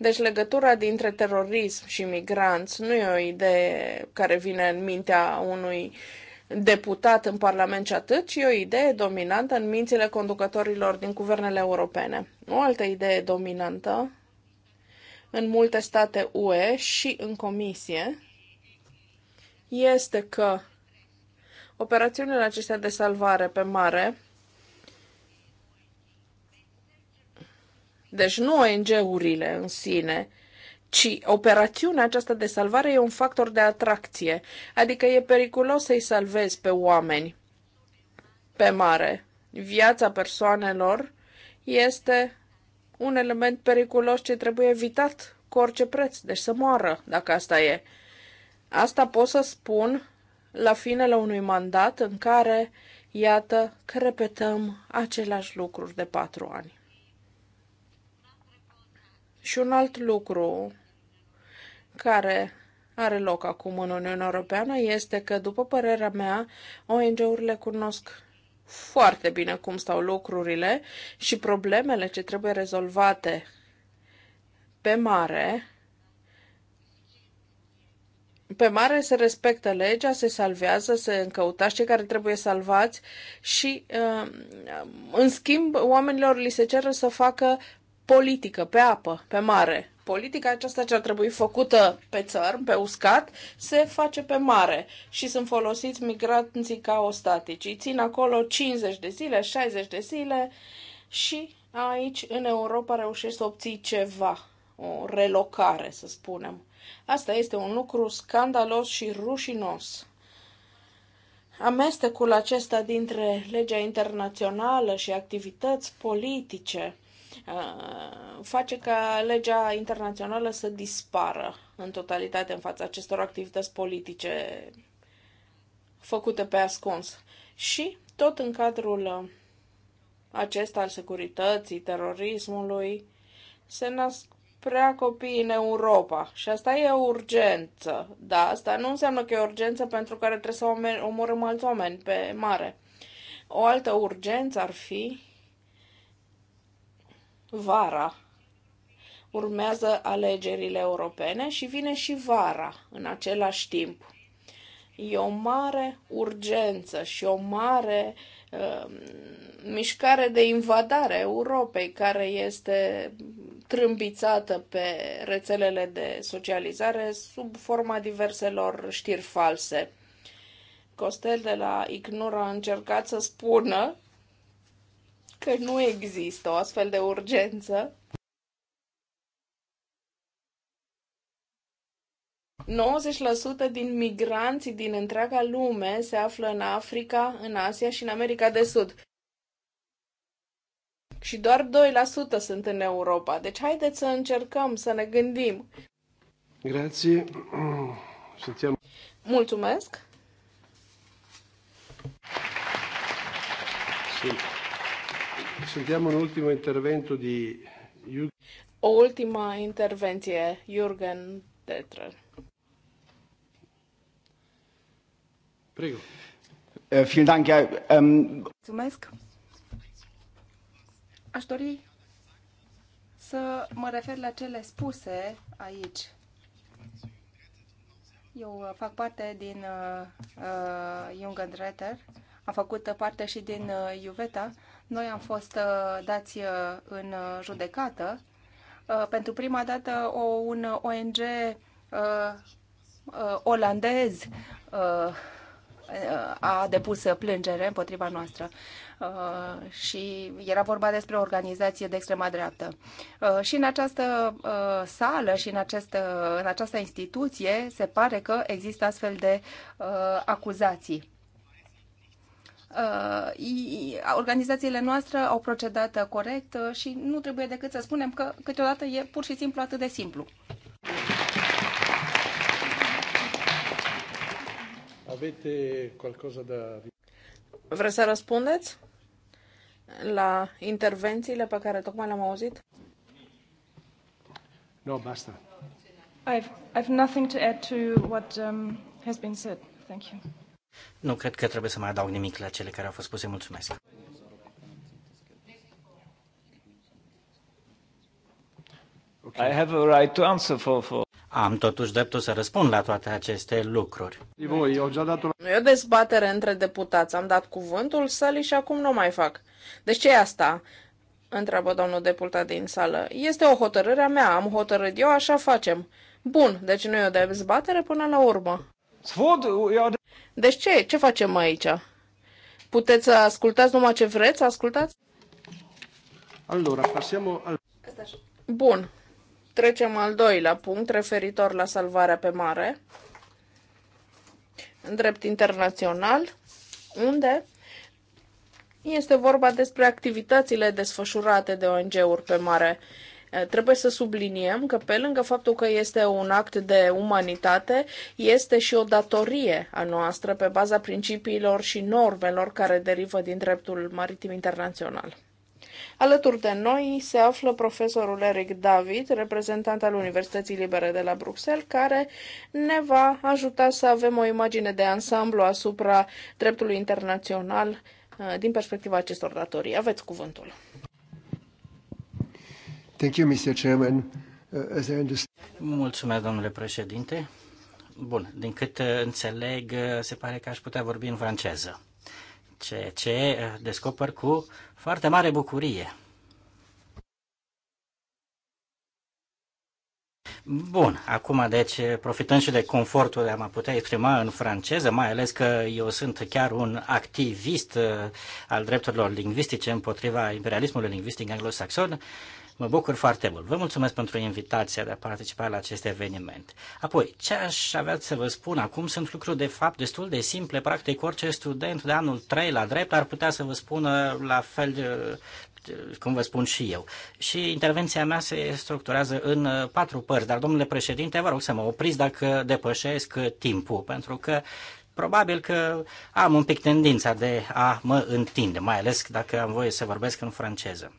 [SPEAKER 2] Deci legătura dintre terorism și migranți nu e o idee care vine în mintea unui deputat în Parlament și atât, ci o idee dominantă în mințile conducătorilor din guvernele europene. O altă idee dominantă în multe state UE și în comisie este că operațiunile acestea de salvare pe mare Deci nu ONG-urile în sine, ci operațiunea aceasta de salvare e un factor de atracție. Adică e periculos să-i salvezi pe oameni pe mare. Viața persoanelor este un element periculos ce trebuie evitat cu orice preț, deci să moară, dacă asta e. Asta pot să spun la finele unui mandat în care, iată, că repetăm aceleași lucruri de patru ani. Și un alt lucru care are loc acum în Uniunea Europeană este că, după părerea mea, ONG-urile cunosc foarte bine cum stau lucrurile și problemele ce trebuie rezolvate pe mare. Pe mare se respectă legea, se salvează, se încăutați cei care trebuie salvați și, uh, în schimb, oamenilor li se cere să facă politică pe apă, pe mare. Politica aceasta ce ar trebui făcută pe țărm, pe uscat, se face pe mare și sunt folosiți migranții ca ostatici. Îi țin acolo 50 de zile, 60 de zile și aici, în Europa, reușești să obții ceva, o relocare, să spunem. Asta este un lucru scandalos și rușinos. Amestecul acesta dintre legea internațională și activități politice – Uh, face ca legea internațională să dispară în totalitate în fața acestor activități politice făcute pe ascuns. Și tot în cadrul uh, acesta al securității, terorismului, se nasc prea copii în Europa. Și asta e o urgență. Da, asta nu înseamnă că e o urgență pentru care trebuie să omorâm alți oameni pe mare. O altă urgență ar fi vara. Urmează alegerile europene și vine și vara în același timp. E o mare urgență și o mare uh, mișcare de invadare a Europei care este trâmbițată pe rețelele de socializare sub forma diverselor știri false. Costel de la Ignora a încercat să spună că nu există o astfel de urgență. ...90% din migranții din întreaga lume se află în Africa, în Asia și în America de Sud. Și doar 2% sunt în Europa. Deci haideți să încercăm să ne gândim.
[SPEAKER 3] Grație. Suntem...
[SPEAKER 2] Mulțumesc. Sunt. Sentiamo un ultimo intervento di O ultima intervenție, Jürgen Detrer.
[SPEAKER 1] Prego. Eh, vielen Dank. Ja, ähm,
[SPEAKER 2] Mulțumesc.
[SPEAKER 3] Aș dori să mă refer la cele spuse aici. Eu uh, fac parte din uh, uh Jung and Retter, am făcut parte și din uh, Iuveta. Noi am fost uh, dați uh, în judecată. Uh, pentru prima dată, un ONG olandez a depus plângere împotriva noastră și era vorba despre o organizație de extrema dreaptă. Și în această sală și în, acest, în această instituție se pare că există astfel de acuzații. Uh, organizațiile noastre au procedat corect uh, și nu trebuie decât să spunem că câteodată e pur și simplu atât de simplu.
[SPEAKER 2] Aveți qualcosa da... Vreți să răspundeți la intervențiile pe care tocmai le-am auzit? No, basta. I've, I've nothing to add to what um, has been said. Thank you.
[SPEAKER 1] Nu cred că trebuie să mai adaug nimic la cele care au fost spuse. Mulțumesc. I have a right to answer for, for... Am totuși dreptul să răspund la toate aceste lucruri.
[SPEAKER 2] E o dezbatere între deputați. Am dat cuvântul sălii și acum nu mai fac. Deci ce e asta? Întreabă domnul deputat din sală. Este o hotărâre a mea. Am hotărât eu, așa facem. Bun, deci nu e o dezbatere până la urmă. Deci ce, ce facem aici? Puteți să ascultați numai ce vreți? Ascultați?
[SPEAKER 4] Allora, passiamo al...
[SPEAKER 2] Bun. Trecem al doilea punct referitor la salvarea pe mare în drept internațional, unde este vorba despre activitățile desfășurate de ONG-uri pe mare Eh, trebuie să subliniem că pe lângă faptul că este un act de umanitate, este și o datorie a noastră pe baza principiilor și normelor care derivă din dreptul maritim internațional. Alături de noi se află profesorul Eric David, reprezentant al Universității Libere de la Bruxelles, care ne va ajuta să avem o imagine de ansamblu asupra dreptului internațional eh, din perspectiva acestor datorii. Aveți cuvântul.
[SPEAKER 4] Thank you, Mr. Chairman. Uh, as I understand...
[SPEAKER 1] Mulțumesc, domnule președinte. Bun, din cât înțeleg, uh, se pare că aș putea vorbi în franceză, ceea ce uh, descoper cu foarte mare bucurie. Bun, acum deci profitând și de confortul de a mă putea exprima în franceză, mai ales că eu sunt chiar un activist al drepturilor lingvistice împotriva imperialismului lingvistic anglosaxon, Mă bucur foarte mult. Vă mulțumesc pentru invitația de a participa la acest eveniment. Apoi, ce aș avea să vă spun acum sunt lucruri de fapt destul de simple. Practic, orice student de anul 3 la drept ar putea să vă spună la fel cum vă spun și eu. Și intervenția mea se structurează în uh, patru părți, dar domnule președinte, vă rog să mă opriți dacă depășesc uh, timpul, pentru că probabil că am un pic tendința de a mă întinde, mai ales dacă am voie să vorbesc în franceză.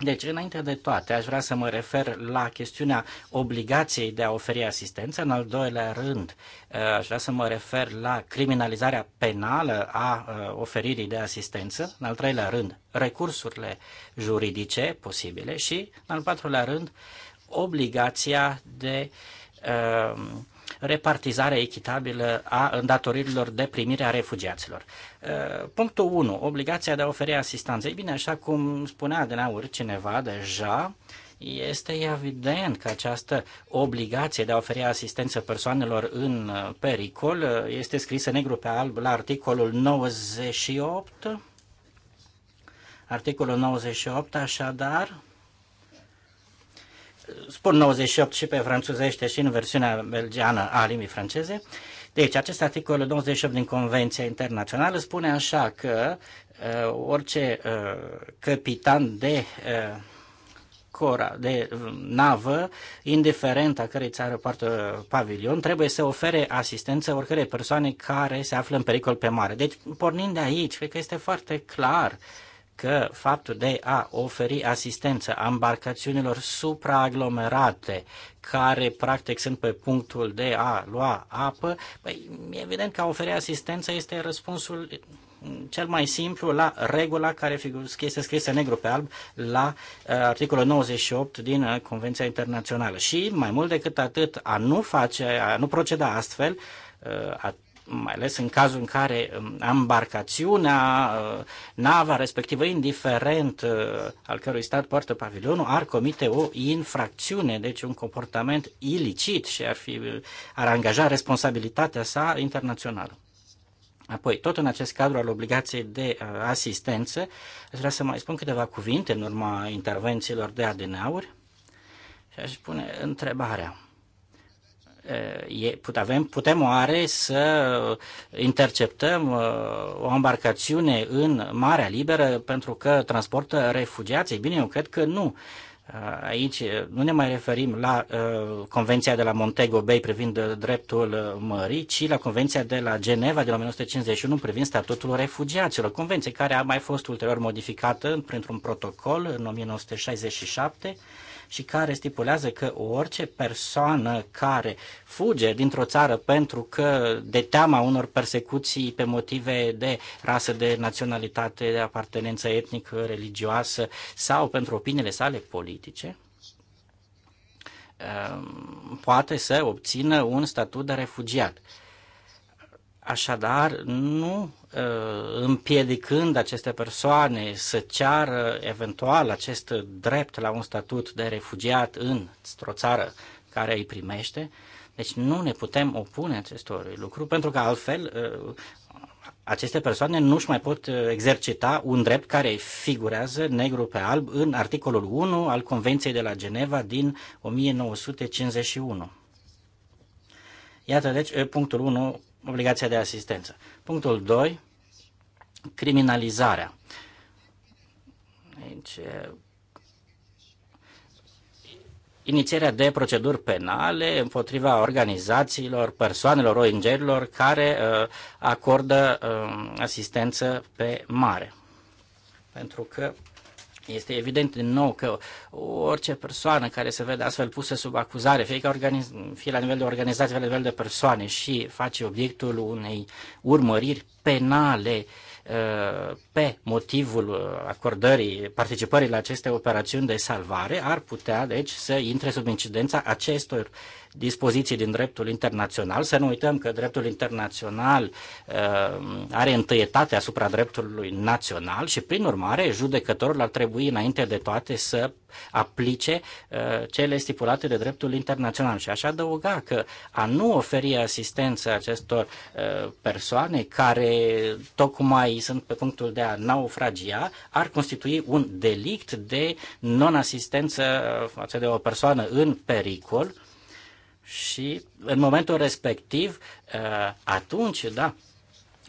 [SPEAKER 1] Deci, înainte de toate, aș vrea să mă refer la chestiunea obligației de a oferi asistență. În al doilea rând, eh, aș vrea să mă refer la criminalizarea penală a eh, oferirii de asistență. În al treilea rând, recursurile juridice posibile și, în al patrulea rând, obligația de uh, repartizarea echitabilă a îndatoririlor de primire a refugiaților. Uh, punctul 1. Obligația de a oferi asistență. Ei bine, așa cum spunea din aur cineva deja, este evident că această obligație de a oferi asistență persoanelor în uh, pericol uh, este scrisă negru pe alb la articolul 98. Articolul 98, așadar, spun 98 și pe franțuzește și în versiunea belgiană a limbii franceze. Deci, acest articol 28 din Convenția Internațională spune așa că uh, orice uh, capitan de uh, cora, de uh, navă, indiferent a cărei țară poartă pavilion, trebuie să ofere asistență oricărei persoane care se află în pericol pe mare. Deci, pornind de aici, cred că este foarte clar uh, că faptul de a oferi asistență a embarcațiunilor supraaglomerate care practic sunt pe punctul de a lua apă, păi, evident că a oferi asistență este răspunsul cel mai simplu la regula care este scrisă negru pe alb la uh, articolul 98 din uh, Convenția Internațională. Și mai mult decât atât, a nu face, a nu proceda astfel, uh, mai ales în cazul în care embarcațiunea, um, uh, nava respectivă, indiferent uh, al cărui stat poartă pavilionul, ar comite o infracțiune, deci un comportament ilicit și ar, fi, ar angaja responsabilitatea sa internațională. Apoi, tot în acest cadru al obligației de uh, asistență, aș vrea să mai spun câteva cuvinte în urma intervențiilor de ADN-uri și aș pune întrebarea avem, putem oare să interceptăm uh, o embarcațiune în Marea Liberă pentru că transportă refugiații? Bine, eu cred că nu. Uh, aici uh, nu ne mai referim la uh, Convenția de la Montego Bay privind dreptul mării, ci la Convenția de la Geneva de la 1951 privind statutul refugiaților, convenție care a mai fost ulterior modificată printr-un protocol în 1967 și care stipulează că orice persoană care fuge dintr-o țară pentru că de teama unor persecuții pe motive de rasă, de naționalitate, de apartenență etnică, religioasă sau pentru opiniile sale politice, ehm, poate să obțină un statut de refugiat. Așadar, nu Uh, împiedicând aceste persoane să ceară eventual acest drept la un statut de refugiat în o țară care îi primește. Deci nu ne putem opune acestor lucruri, pentru că altfel uh, aceste persoane nu își mai pot uh, exercita un drept care figurează negru pe alb în articolul 1 al Convenției de la Geneva din 1951. Iată, deci, punctul 1 obligația de asistență. Punctul 2. Criminalizarea. Aici, inițierea de proceduri penale împotriva organizațiilor, persoanelor, ONG-urilor care uh, acordă uh, asistență pe mare. Pentru că este evident din nou că orice persoană care se vede astfel pusă sub acuzare, fie, că organiz- fie la nivel de organizație, fie la nivel de persoane și face obiectul unei urmăriri penale uh, pe motivul uh, acordării, participării la aceste operațiuni de salvare, ar putea, deci, să intre sub incidența acestor dispoziții din dreptul internațional. Să nu uităm că dreptul internațional uh, are întâietate asupra dreptului național și, prin urmare, judecătorul ar trebui, înainte de toate, să aplice uh, cele stipulate de dreptul internațional. Și aș adăuga că a nu oferi asistență acestor uh, persoane care tocmai sunt pe punctul de a naufragia ar constitui un delict de non-asistență față de o persoană în pericol și în momentul respectiv, uh, atunci, da,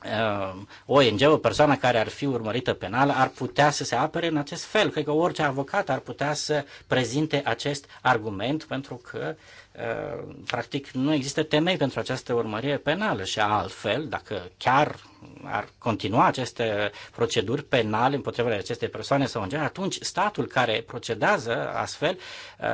[SPEAKER 1] uh, ONG, o persoană care ar fi urmărită penală ar putea să se apere în acest fel. Cred că orice avocat ar putea să prezinte acest argument pentru că, uh, practic, nu există temei pentru această urmărire penală și altfel, dacă chiar ar continua aceste proceduri penale împotriva acestei persoane sau în general, atunci statul care procedează astfel uh,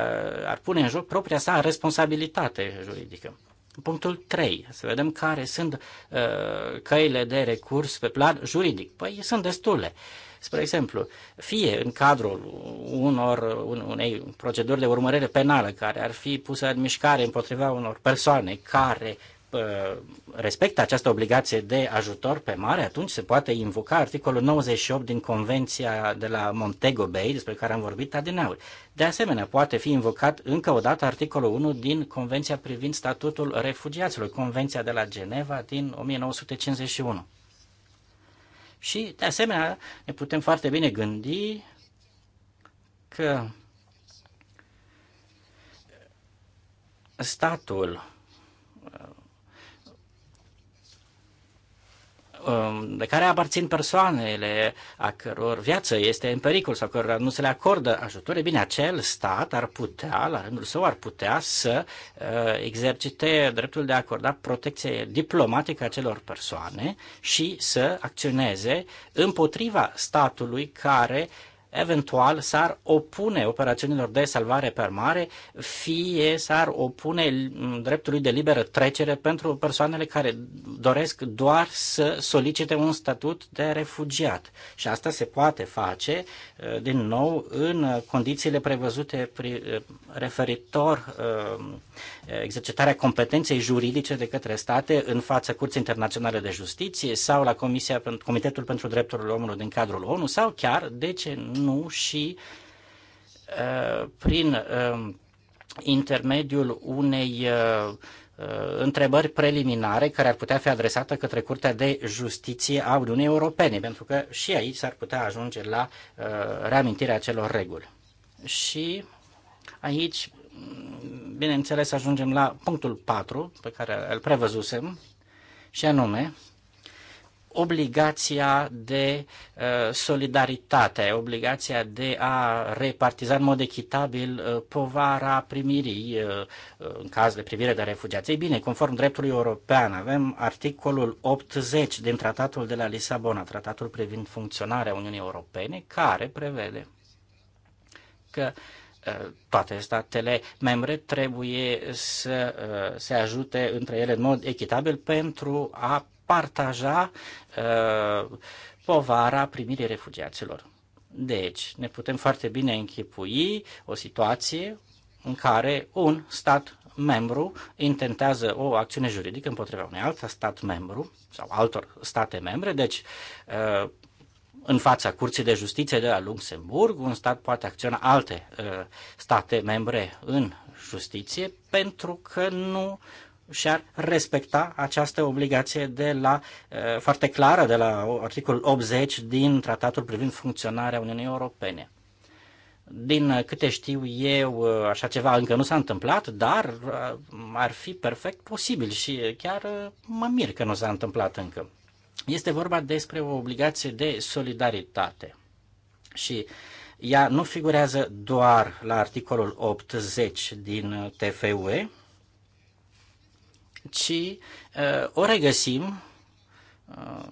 [SPEAKER 1] ar pune în joc propria sa responsabilitate juridică. Punctul 3. Să vedem care sunt uh, căile de recurs pe plan juridic. Păi sunt destule. Spre exemplu, fie în cadrul unor, unei proceduri de urmărire penală care ar fi pusă în mișcare împotriva unor persoane care respectă această obligație de ajutor pe mare, atunci se poate invoca articolul 98 din Convenția de la Montego Bay, despre care am vorbit adineauri. De asemenea, poate fi invocat încă o dată articolul 1 din Convenția privind statutul refugiaților, Convenția de la Geneva din 1951. Și, de asemenea, ne putem foarte bine gândi că statul Um, de care aparțin persoanele a căror viață este în pericol sau cărora nu se le acordă ajutor, bine, acel stat ar putea, la rândul său, ar putea să uh, exercite dreptul de a acorda protecție diplomatică acelor persoane și să acționeze împotriva statului care eventual s-ar opune operațiunilor de salvare pe mare, fie s-ar opune mm, dreptului de liberă trecere pentru persoanele care doresc doar să solicite un statut de refugiat. Și asta se poate face, eh, din nou, în condițiile prevăzute eh, referitor eh, exercitarea competenței juridice de către state în fața Curții Internaționale de Justiție sau la Comisia, Comitetul pentru Drepturile Omului din cadrul ONU sau chiar, de ce nu, nu și uh, prin uh, intermediul unei uh, întrebări preliminare care ar putea fi adresată către Curtea de Justiție a Uniunii Europene, pentru că și aici s-ar putea ajunge la reamintirea acelor reguli. Și aici, bineînțeles, ajungem la punctul 4 pe care îl prevăzusem, și anume obligația de uh, solidaritate, obligația de a repartiza în mod echitabil uh, povara primirii uh, uh în caz de privire de refugiați. Ei bine, conform dreptului european, avem articolul 80 din tratatul de la Lisabona, tratatul privind funcționarea Uniunii Europene, care prevede că uh, toate statele membre trebuie să uh, se ajute între ele în mod echitabil pentru a partaja uh, povara primirii refugiaților. Deci, ne putem foarte bine închipui o situație în care un stat membru intentează o acțiune juridică împotriva unui alt stat membru sau altor state membre, deci uh, în fața Curții de Justiție de la Luxemburg, un stat poate acționa alte uh, state membre în justiție pentru că nu și-ar respecta această obligație de la, eh, foarte clară de la articolul 80 din tratatul privind funcționarea Uniunii Europene. Din câte știu eu, eh, așa ceva încă nu s-a întâmplat, dar eh, ar fi perfect posibil și chiar mă mir că nu s-a întâmplat încă. Este vorba despre o obligație de solidaritate și ea nu figurează doar la articolul 80 din TFUE, ci uh, o regăsim uh,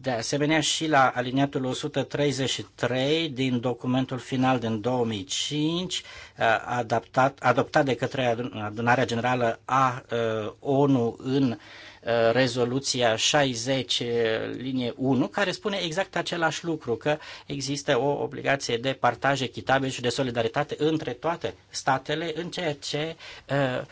[SPEAKER 1] de asemenea și la aliniatul 133 din documentul final din 2005 uh, adaptat, adoptat de către adunarea generală a ONU în rezoluția 60 linie 1 care spune exact același lucru că există o obligație de partaj echitabil și de solidaritate între toate statele în ceea ce uh,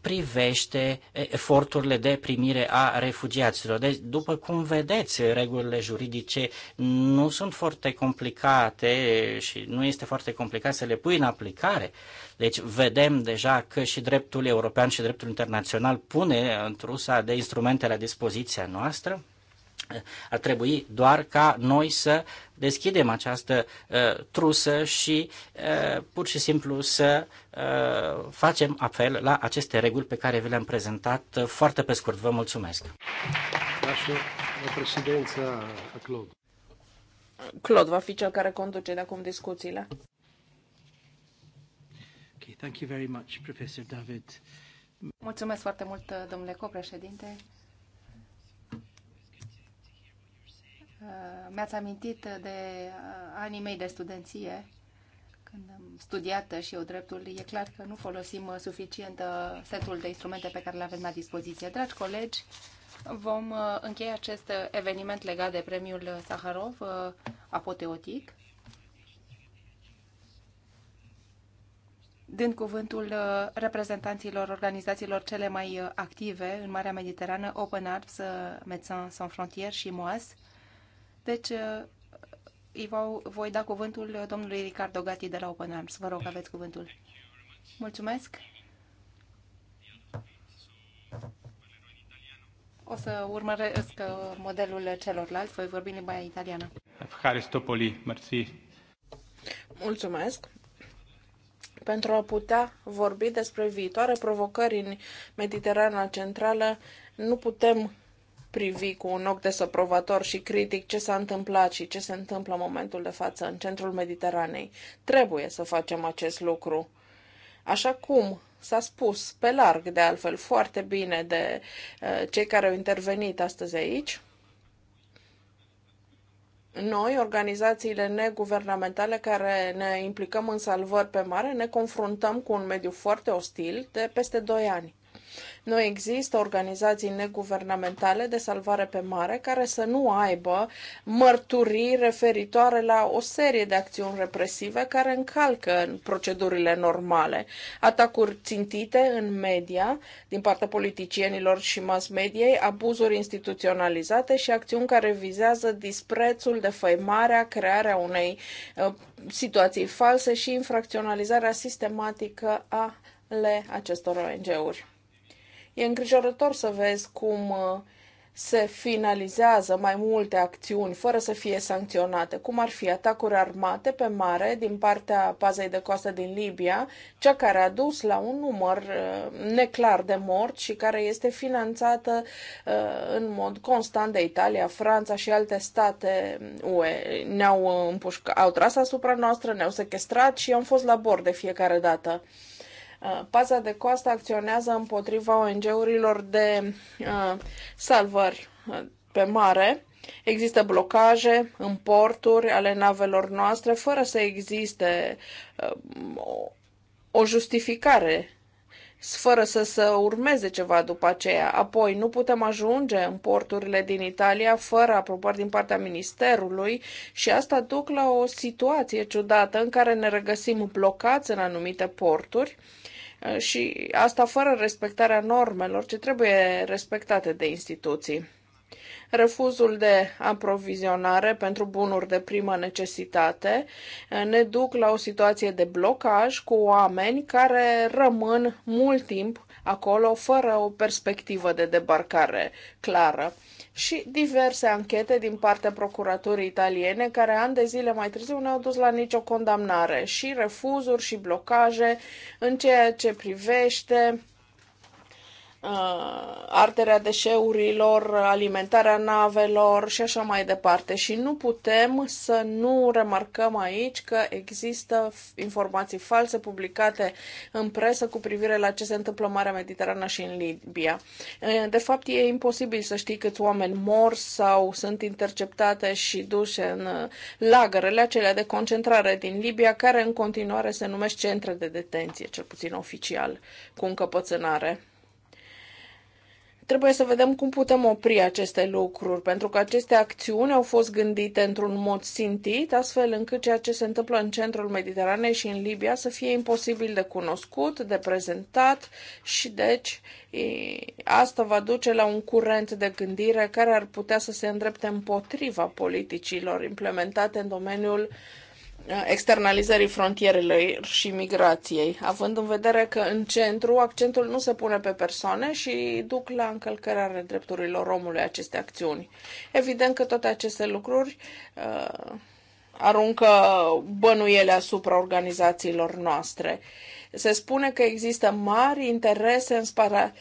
[SPEAKER 1] privește eforturile de primire a refugiaților. Deci, după cum vedeți, regulile juridice nu sunt foarte complicate și nu este foarte complicat să le pui în aplicare. Deci, vedem deja că și dreptul european și dreptul internațional pune într-USA de instrumente la dispoziția noastră. Ar trebui doar ca noi să deschidem această uh, trusă și uh, pur și simplu să uh, facem apel la aceste reguli pe care vi le-am prezentat uh, foarte pe scurt. Vă mulțumesc. Lasă la
[SPEAKER 4] președința uh, Claude.
[SPEAKER 2] Claude va fi cel care conduce de acum discuțiile.
[SPEAKER 4] Okay, thank you very much, Professor David.
[SPEAKER 3] Mulțumesc foarte mult, domnule copreședinte. Uh, mi-ați amintit de uh, anii mei de studenție, când am studiat și eu dreptul, e clar că nu folosim uh, suficient setul de instrumente pe care le avem la dispoziție. Dragi colegi, vom încheia acest eveniment legat de premiul Saharov, apoteotic, dând cuvântul reprezentanților organizațiilor cele mai active în Marea Mediterană, Open Arms, Médecins Sans Frontières și MOAS, deci uh, îi voi, voi da cuvântul domnului Ricardo Gatti de la Open Arms. Vă rog, aveți cuvântul. Mulțumesc. O să urmăresc uh, modelul
[SPEAKER 2] celorlalți, voi vorbi în limba italiană.
[SPEAKER 1] Haristopoli, mersi.
[SPEAKER 2] Mulțumesc pentru a putea vorbi despre viitoare provocări în Mediterana Centrală, nu putem privi cu un ochi desăprovător și critic ce s-a întâmplat și ce se întâmplă în momentul de față în centrul Mediteranei. Trebuie să facem acest lucru. Așa cum s-a spus pe larg, de altfel, foarte bine de uh, cei care au intervenit astăzi aici, noi, organizațiile neguvernamentale care ne implicăm în salvări pe mare, ne confruntăm cu un mediu foarte ostil de peste 2 ani. Nu există organizații neguvernamentale de salvare pe mare care să nu aibă mărturii referitoare la o serie de acțiuni represive care încalcă procedurile normale. Atacuri țintite în media din partea politicienilor și mass mediei, abuzuri instituționalizate și acțiuni care vizează disprețul, defăimarea, crearea unei uh, situații false și infracționalizarea sistematică ale acestor ONG-uri. E îngrijorător să vezi cum uh, se finalizează mai multe acțiuni fără să fie sancționate, cum ar fi atacuri armate pe mare din partea pazei de coastă din Libia, cea care a dus la un număr uh, neclar de morți și care este finanțată uh, în mod constant de Italia, Franța și alte state UE. Um, ne-au împușcat, au tras asupra noastră, ne-au sequestrat și am fost la bord de fiecare dată. Uh, Paza de coastă acționează împotriva ONG-urilor de uh, salvări uh, pe mare. Există blocaje în porturi ale navelor noastre fără să existe o justificare fără să se urmeze ceva după aceea. Apoi, nu putem ajunge în porturile din Italia fără aprobări din partea Ministerului și asta duc la o situație ciudată în care ne regăsim blocați în anumite porturi Uh, și asta fără respectarea normelor ce trebuie respectate de instituții. Refuzul de aprovizionare pentru bunuri de primă necesitate uh, ne duc la o situație de blocaj cu oameni care rămân mult timp acolo fără o perspectivă de debarcare clară și diverse anchete din partea procuraturii italiene care ani de zile mai târziu nu au dus la nicio condamnare și refuzuri și blocaje în ceea ce privește Uh, arderea deșeurilor, alimentarea navelor și așa mai departe. Și nu putem să nu remarcăm aici că există informații false publicate în presă cu privire la ce se întâmplă în Marea Mediterană și în Libia. Uh, de fapt, e imposibil să știi câți oameni mor sau sunt interceptate și duse în uh, lagărele acelea de concentrare din Libia, care în continuare se numesc centre de detenție, cel puțin oficial, cu încăpățânare trebuie să vedem cum putem opri aceste lucruri, pentru că aceste acțiuni au fost gândite într-un mod sintit, astfel încât ceea ce se întâmplă în centrul Mediteranei și în Libia să fie imposibil de cunoscut, de prezentat și deci asta va duce la un curent de gândire care ar putea să se îndrepte împotriva politicilor implementate în domeniul uh, externalizării frontierelor și migrației, având în vedere că în centru accentul nu se pune pe persoane și duc la încălcarea drepturilor omului aceste acțiuni. Evident că toate aceste lucruri uh, aruncă bănuiele asupra organizațiilor noastre. Se spune că există mari interese în spatele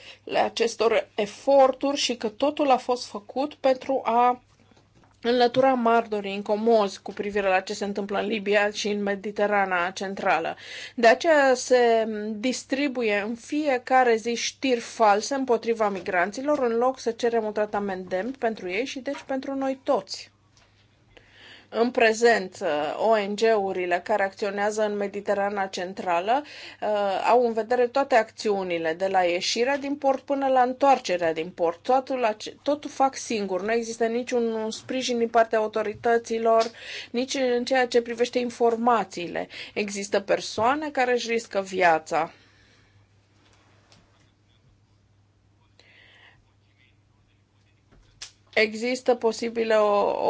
[SPEAKER 2] acestor eforturi și că totul a fost făcut pentru a înlătura mardorii incomozi cu privire la ce se întâmplă în Libia și în Mediterana Centrală. De aceea se distribuie în fiecare zi știri false împotriva migranților, în loc să cerem un tratament demn pentru ei și deci pentru noi toți. În prezent, uh, ONG-urile care acționează în Mediterana Centrală uh, au în vedere toate acțiunile, de la ieșirea din port până la întoarcerea din port. Totul, totul fac singur, nu există niciun sprijin din partea autorităților, nici în ceea ce privește informațiile. Există persoane care își riscă viața Există posibile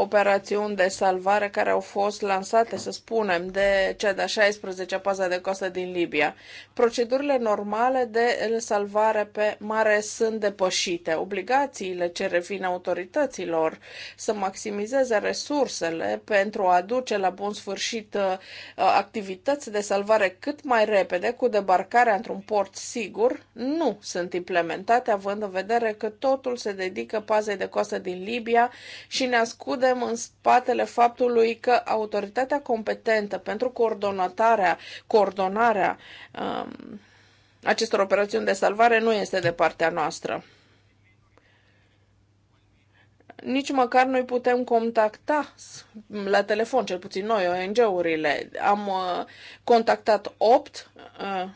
[SPEAKER 2] operațiuni de salvare care au fost lansate, să spunem, de cea de-a 16-a pază de costă din Libia. Procedurile normale de salvare pe mare sunt depășite. Obligațiile ce revin autorităților să maximizeze resursele pentru a aduce la bun sfârșit uh, activități de salvare cât mai repede cu debarcarea într-un port sigur nu sunt implementate, având în vedere că totul se dedică pazei de costă din din Libia și ne ascundem în spatele faptului că autoritatea competentă pentru coordonarea, coordonarea um, acestor operațiuni de salvare nu este de partea noastră. Nici măcar noi putem contacta la telefon, cel puțin noi, ONG-urile. Am uh, contactat 8 uh,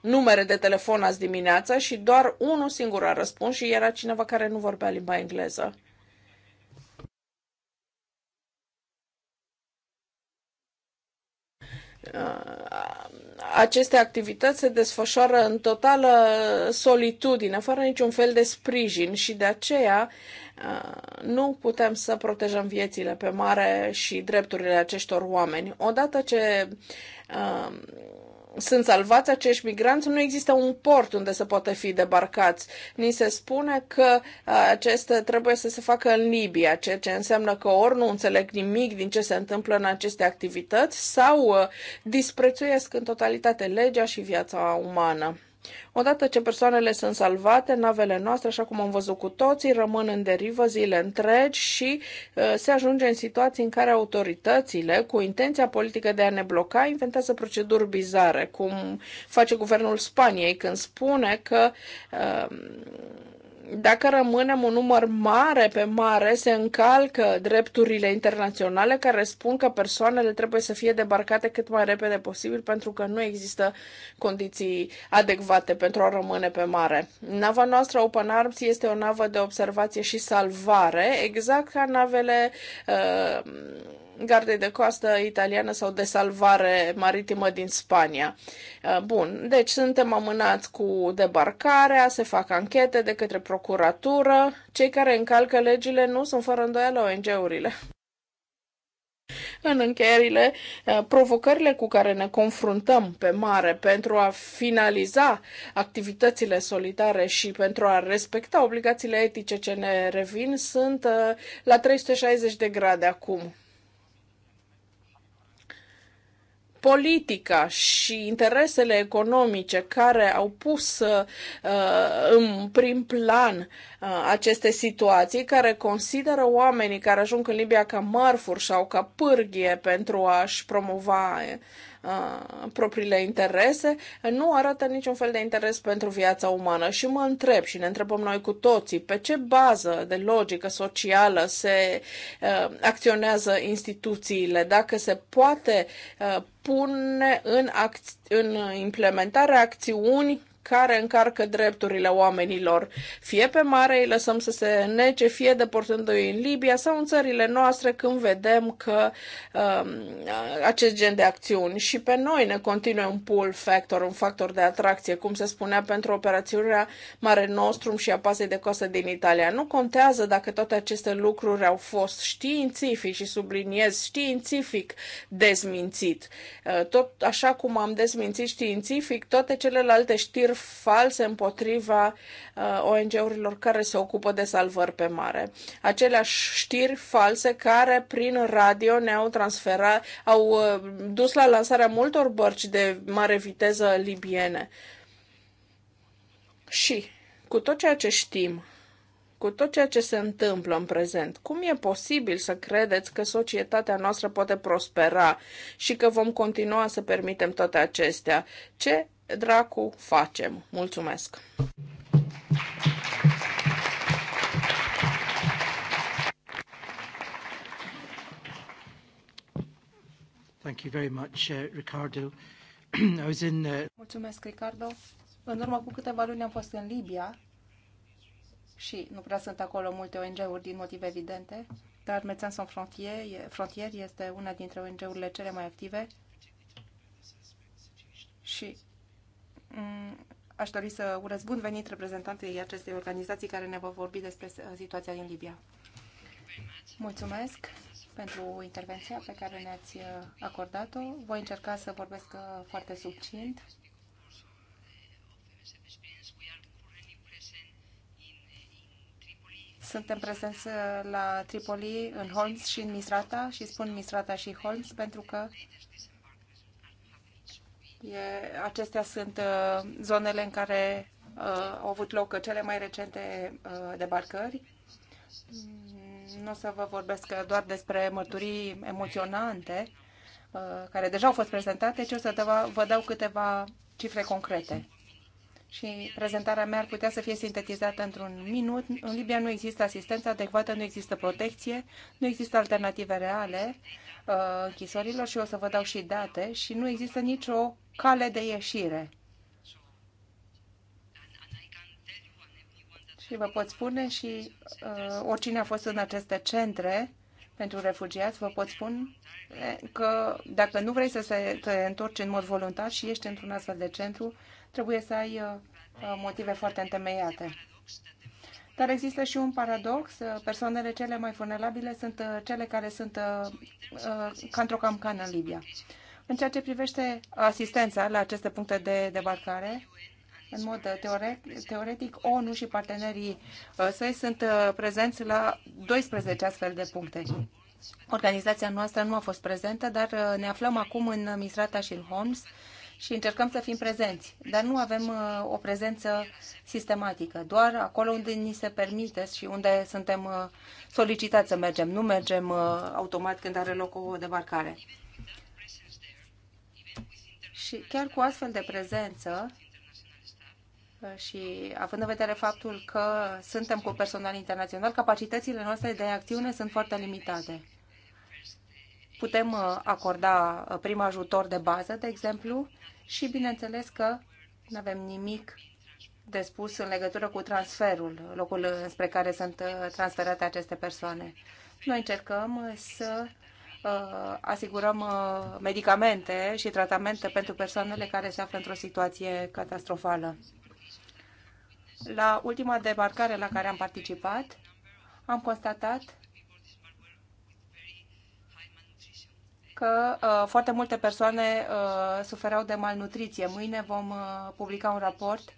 [SPEAKER 2] numere de telefon azi dimineața și doar unul singur a răspuns și era cineva care nu vorbea limba engleză. aceste activități se desfășoară în totală solitudine, fără niciun fel de sprijin și de aceea nu putem să protejăm viețile pe mare și drepturile acestor oameni. Odată ce sunt salvați acești migranți, nu există un port unde să poată fi debarcați. Ni se spune că aceste trebuie să se facă în Libia, ceea ce înseamnă că ori nu înțeleg nimic din ce se întâmplă în aceste activități sau disprețuiesc în totalitate legea și viața umană. Odată ce persoanele sunt salvate, navele noastre, așa cum am văzut cu toții, rămân în derivă zile întregi și uh, se ajunge în situații în care autoritățile, cu intenția politică de a ne bloca, inventează proceduri bizare, cum face guvernul Spaniei când spune că uh, dacă rămânem un număr mare pe mare, se încalcă drepturile internaționale care spun că persoanele trebuie să fie debarcate cât mai repede posibil pentru că nu există condiții adecvate pentru a rămâne pe mare. Nava noastră Open Arms este o navă de observație și salvare, exact ca navele uh, gardei de coastă italiană sau de salvare maritimă din Spania. Uh, bun, deci suntem amânați cu debarcarea, se fac anchete de către procuratură. Cei care încalcă legile nu sunt fără îndoială ONG-urile. În încheierile, uh, provocările cu care ne confruntăm pe mare pentru a finaliza activitățile solitare și pentru a respecta obligațiile etice ce ne revin sunt uh, la 360 de grade acum politica și interesele economice care au pus uh, în prim plan uh, aceste situații, care consideră oamenii care ajung în Libia ca mărfuri sau ca pârghie pentru a-și promova uh, propriile interese, nu arată niciun fel de interes pentru viața umană. Și mă întreb și ne întrebăm noi cu toții pe ce bază de logică socială se uh, acționează instituțiile, dacă se poate uh, pune în, în implementare acțiuni care încarcă drepturile oamenilor. Fie pe mare îi lăsăm să se nece, fie deportându-i în Libia sau în țările noastre când vedem că um, acest gen de acțiuni și pe noi ne continuă un pull factor, un factor de atracție, cum se spunea pentru operațiunea Mare Nostrum și a pasei de coastă din Italia. Nu contează dacă toate aceste lucruri au fost științific și subliniez științific dezmințit. Uh, tot așa cum am dezmințit științific, toate celelalte știri plângeri false împotriva uh, ONG-urilor care se ocupă de salvări pe mare. Aceleași știri false care prin radio ne-au transferat, au uh, dus la lansarea multor bărci de mare viteză libiene. Și cu tot ceea ce știm, cu tot ceea ce se întâmplă în prezent, cum e posibil să credeți că societatea noastră poate prospera și că vom continua să permitem toate acestea? Ce dracu facem? Mulțumesc!
[SPEAKER 4] Thank you very much, uh, Ricardo. I was in, uh...
[SPEAKER 3] Mulțumesc, Ricardo. În urmă cu câteva luni am fost în Libia și nu prea sunt acolo multe ONG-uri din motive evidente, dar Médecins Sans Frontières Frontier este una dintre ONG-urile cele mai active și Mm, aș dori să urez bun venit reprezentantei acestei organizații care ne va vorbi despre situația din Libia. Mulțumesc pentru intervenția pe care ne-ați uh, acordat-o. Voi încerca să vorbesc uh, foarte subțint. Suntem prezenți uh, la Tripoli, în Holmes și în Misrata și spun Misrata și Holmes pentru că E, acestea sunt uh, zonele în care uh, au avut loc cele mai recente uh, debarcări.
[SPEAKER 4] Mm,
[SPEAKER 3] nu o să vă vorbesc doar despre mărturii emoționante uh, care deja au fost prezentate, ci o să vă, vă dau câteva cifre concrete. Și prezentarea mea ar putea să fie sintetizată într-un minut. În Libia nu există asistență adecvată, nu există protecție, nu există alternative reale uh, închisorilor și o să vă dau și date și nu există nicio cale de ieșire. Și vă pot spune și uh, oricine a fost în aceste centre pentru refugiați, vă pot spune că dacă nu vrei să se, te întorci în mod voluntar și ești într-un astfel de centru, trebuie să ai uh, uh motive foarte întemeiate. Dar există și un paradox. Uh, persoanele cele mai vulnerabile sunt uh, cele care sunt uh, ca într-o camcană în Libia. În ceea ce privește asistența la aceste puncte de debarcare, în mod teoretic, teoretic ONU și partenerii uh, săi sunt uh, prezenți la 12 astfel de puncte. Organizația noastră nu a fost prezentă, dar uh, ne aflăm acum în Misrata și în Holmes și încercăm să fim prezenți, dar nu avem o prezență sistematică, doar acolo unde ni se permite și unde suntem solicitați să mergem. Nu mergem automat când are loc o debarcare. Și chiar cu astfel de prezență uh, și având în vedere faptul că suntem cu personal internațional, capacitățile noastre de acțiune sunt foarte limitate. Putem uh, acorda uh, prim ajutor de bază, de exemplu, și bineînțeles că nu avem nimic de spus în legătură cu transferul, locul spre care sunt transferate aceste persoane. Noi încercăm să Uh, asigurăm uh, medicamente și tratamente pentru persoanele care se află într-o situație catastrofală. La ultima debarcare la care am participat, am constatat că uh, foarte multe persoane uh, suferau de malnutriție. Mâine vom uh, publica un raport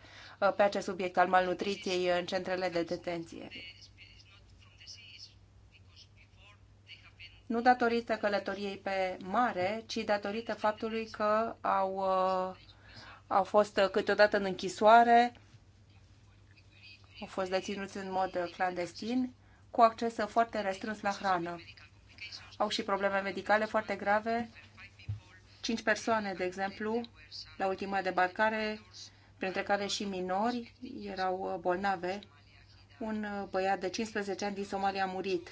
[SPEAKER 3] uh, pe acest subiect al malnutriției în centrele de detenție. nu datorită călătoriei pe mare, ci datorită faptului că au, uh, au fost câteodată în închisoare, au fost deținuți în mod clandestin, cu acces foarte restrâns la hrană. Au și probleme medicale foarte grave. Cinci persoane, de exemplu, la ultima debarcare, printre care și minori, erau bolnave. Un băiat de 15 ani din Somalia a murit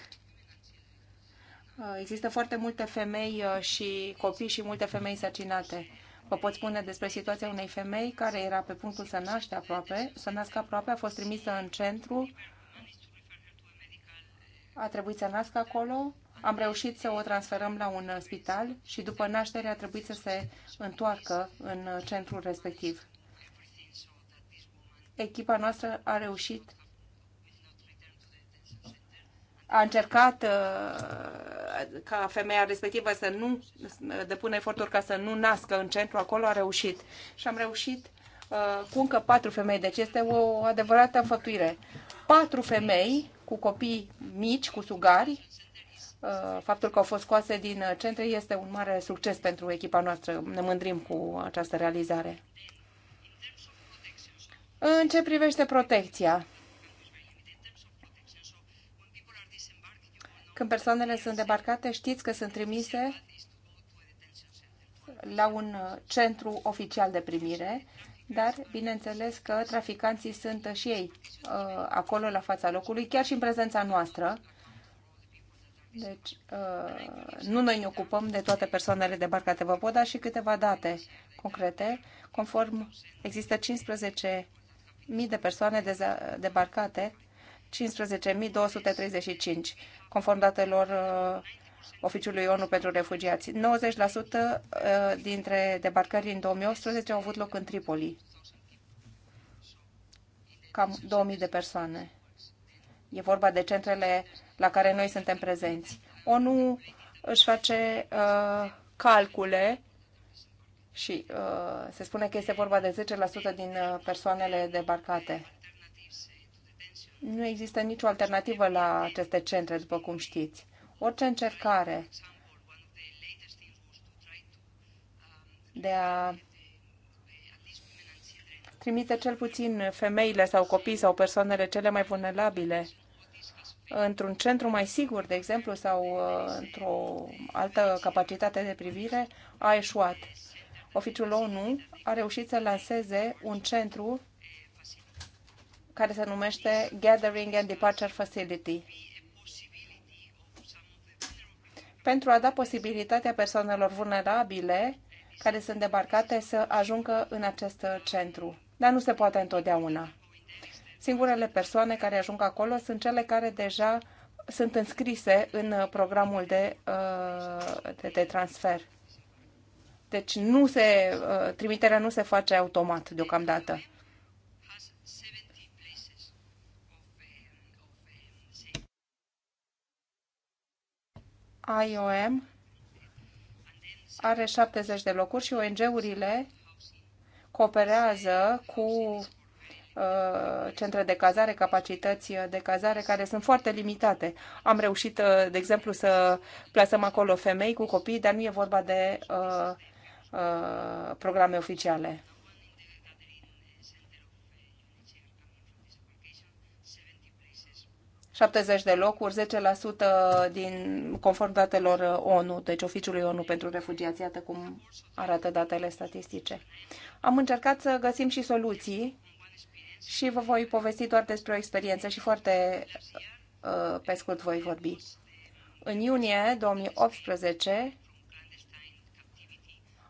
[SPEAKER 3] Uh, există foarte multe femei uh, și copii și multe femei însărcinate. Vă pot spune despre situația unei femei care era pe punctul să naște aproape, să nască aproape, a fost trimisă în centru, a trebuit să nască acolo, am reușit să o transferăm la un spital și după naștere a trebuit să se întoarcă în centrul respectiv. Echipa noastră a reușit a încercat uh, ca femeia respectivă să nu depună eforturi ca să nu nască în centru, acolo a reușit. Și am reușit uh, cu încă patru femei, deci este o adevărată înfăptuire. Patru femei cu copii mici, cu sugari, uh, faptul că au fost scoase din centre este un mare succes pentru echipa noastră. Ne mândrim cu această realizare. În ce privește protecția, Când persoanele sunt debarcate, știți că sunt trimise la un centru oficial de primire, dar bineînțeles că traficanții sunt și ei uh, acolo la fața locului, chiar și în prezența noastră. Deci, uh, nu noi ne ocupăm de toate persoanele debarcate. Vă pot da și câteva date concrete. Conform, există 15.000 de persoane debarcate 15.235, conform datelor uh, Oficiului ONU pentru Refugiați. 90% uh, dintre debarcări în 2018 au avut loc în Tripoli. Cam 2000 de persoane. E vorba de centrele la care noi suntem prezenți. ONU își face uh, calcule și uh, se spune că este vorba de 10% din uh, persoanele debarcate. Nu există nicio alternativă la aceste centre, după cum știți. Orice încercare de a trimite cel puțin femeile sau copii sau persoanele cele mai vulnerabile într-un centru mai sigur, de exemplu, sau uh, într-o altă capacitate de privire, a eșuat. Oficiul ONU a reușit să lanseze un centru care se numește Gathering and Departure Facility pentru a da posibilitatea persoanelor vulnerabile care sunt debarcate să ajungă în acest centru. Dar nu se poate întotdeauna. Singurele persoane care ajung acolo sunt cele care deja sunt înscrise în programul de, uh, de, de transfer. Deci nu se, uh, trimiterea nu se face automat deocamdată. IOM are 70 de locuri și ONG-urile cooperează cu uh, centre de cazare, capacități de cazare care sunt foarte limitate. Am reușit, uh, de exemplu, să plasăm acolo femei cu copii, dar nu e vorba de uh, uh programe oficiale. 70 de locuri, 10% din, conform datelor uh, ONU, deci Oficiului ONU pentru Refugiați, iată cum arată datele statistice. Am încercat să găsim și soluții și vă voi povesti doar despre o experiență și foarte uh, pe scurt voi vorbi. În iunie 2018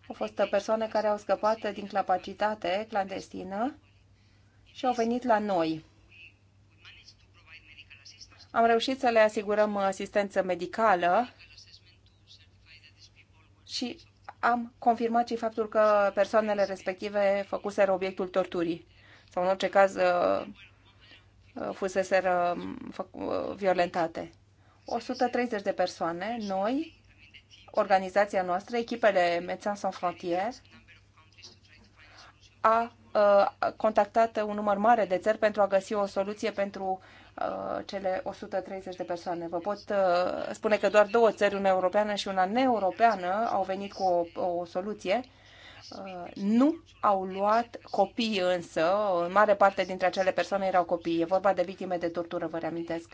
[SPEAKER 3] au fost persoane care au scăpat din capacitate clandestină și au venit la noi am reușit să le asigurăm asistență medicală și am confirmat și faptul că persoanele respective făcuseră obiectul torturii sau în orice caz uh, uh, fuseseră um, uh, violentate. 130 de persoane, noi, organizația noastră, echipele Médecins Sans Frontières, a contactat un număr mare de țări pentru a găsi o soluție pentru Uh, cele 130 de persoane. Vă pot uh, spune că doar două țări, una europeană și una neeuropeană, au venit cu o, o soluție. Uh, nu au luat copii însă, în mare parte dintre acele persoane erau copii. E vorba de victime de tortură, vă reamintesc.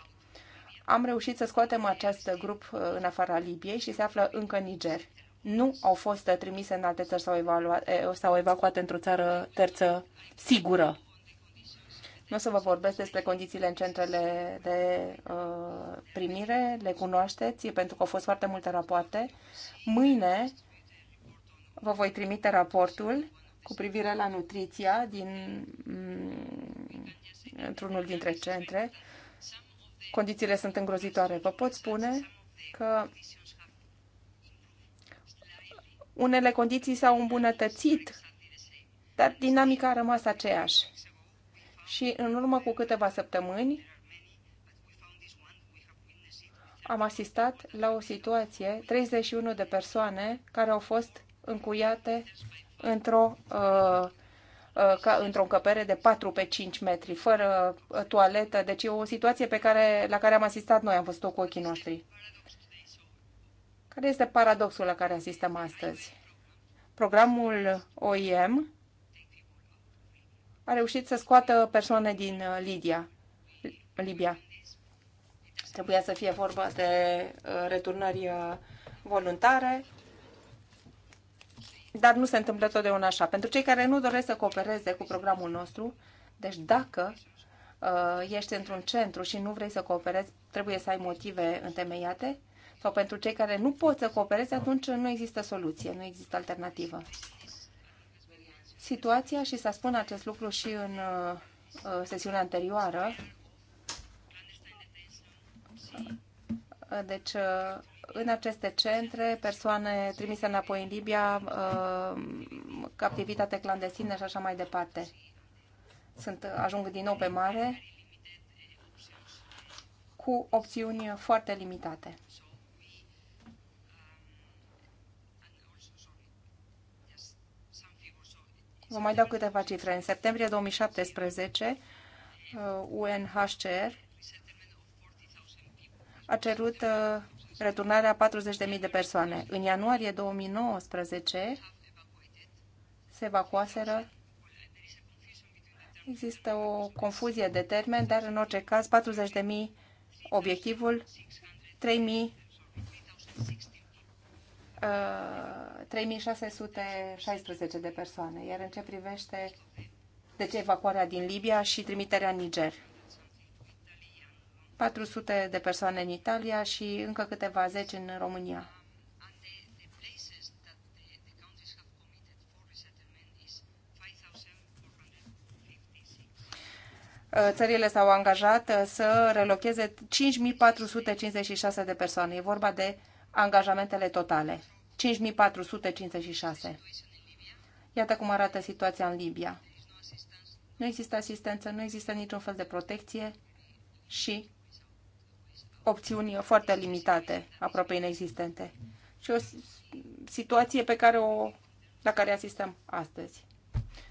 [SPEAKER 3] Am reușit să scoatem acest grup în afara Libiei și se află încă în Niger. Nu au fost trimise în alte țări sau, eh, sau evacuate într-o țară terță sigură nu o să vă vorbesc despre condițiile în centrele de uh, primire, le cunoașteți, pentru că au fost foarte multe rapoarte. Mâine vă voi trimite raportul cu privire la nutriția din, mm, într-unul dintre centre. Condițiile sunt îngrozitoare. Vă pot spune că unele condiții s-au îmbunătățit, dar dinamica a rămas aceeași și în urmă cu câteva săptămâni am asistat la o situație, 31 de persoane care au fost încuiate într-o uh, uh ca într-o încăpere de 4 pe 5 metri, fără uh, toaletă. Deci e o situație pe care, la care am asistat noi, am văzut-o cu ochii noștri. Care este paradoxul la care asistăm astăzi? Programul OIM a reușit să scoată persoane din uh, Lidia, Libia. Trebuia să fie vorba de uh, returnări uh, voluntare, dar nu se întâmplă totdeauna așa. Pentru cei care nu doresc să coopereze cu programul nostru, deci dacă uh, ești într-un centru și nu vrei să cooperezi, trebuie să ai motive întemeiate, sau pentru cei care nu pot să coopereze, atunci nu există soluție, nu există alternativă situația și să spun acest lucru și în uh, uh, sesiunea anterioară. Deci, uh, în aceste centre, persoane trimise înapoi în Libia, captivitate clandestină și așa mai departe. Sunt, ajung din nou pe mare cu opțiuni foarte limitate. Vă mai dau câteva cifre. În septembrie 2017, UNHCR uh, a cerut uh, returnarea 40.000 de persoane. În ianuarie 2019 se evacuaseră. Există o confuzie de termen, dar în orice caz 40.000 obiectivul, 3.000 3616 uh, de persoane, iar în ce privește deci evacuarea din Libia și trimiterea în Niger. 400 de persoane în Italia și încă câteva zeci în România. Uh, țările s-au angajat uh, să relocheze 5456 de persoane. E vorba de angajamentele totale, 5456. Iată cum arată situația în Libia. Nu există asistență, nu există niciun fel de protecție și opțiuni foarte limitate, aproape inexistente. Și o situație pe care o, la care asistăm astăzi.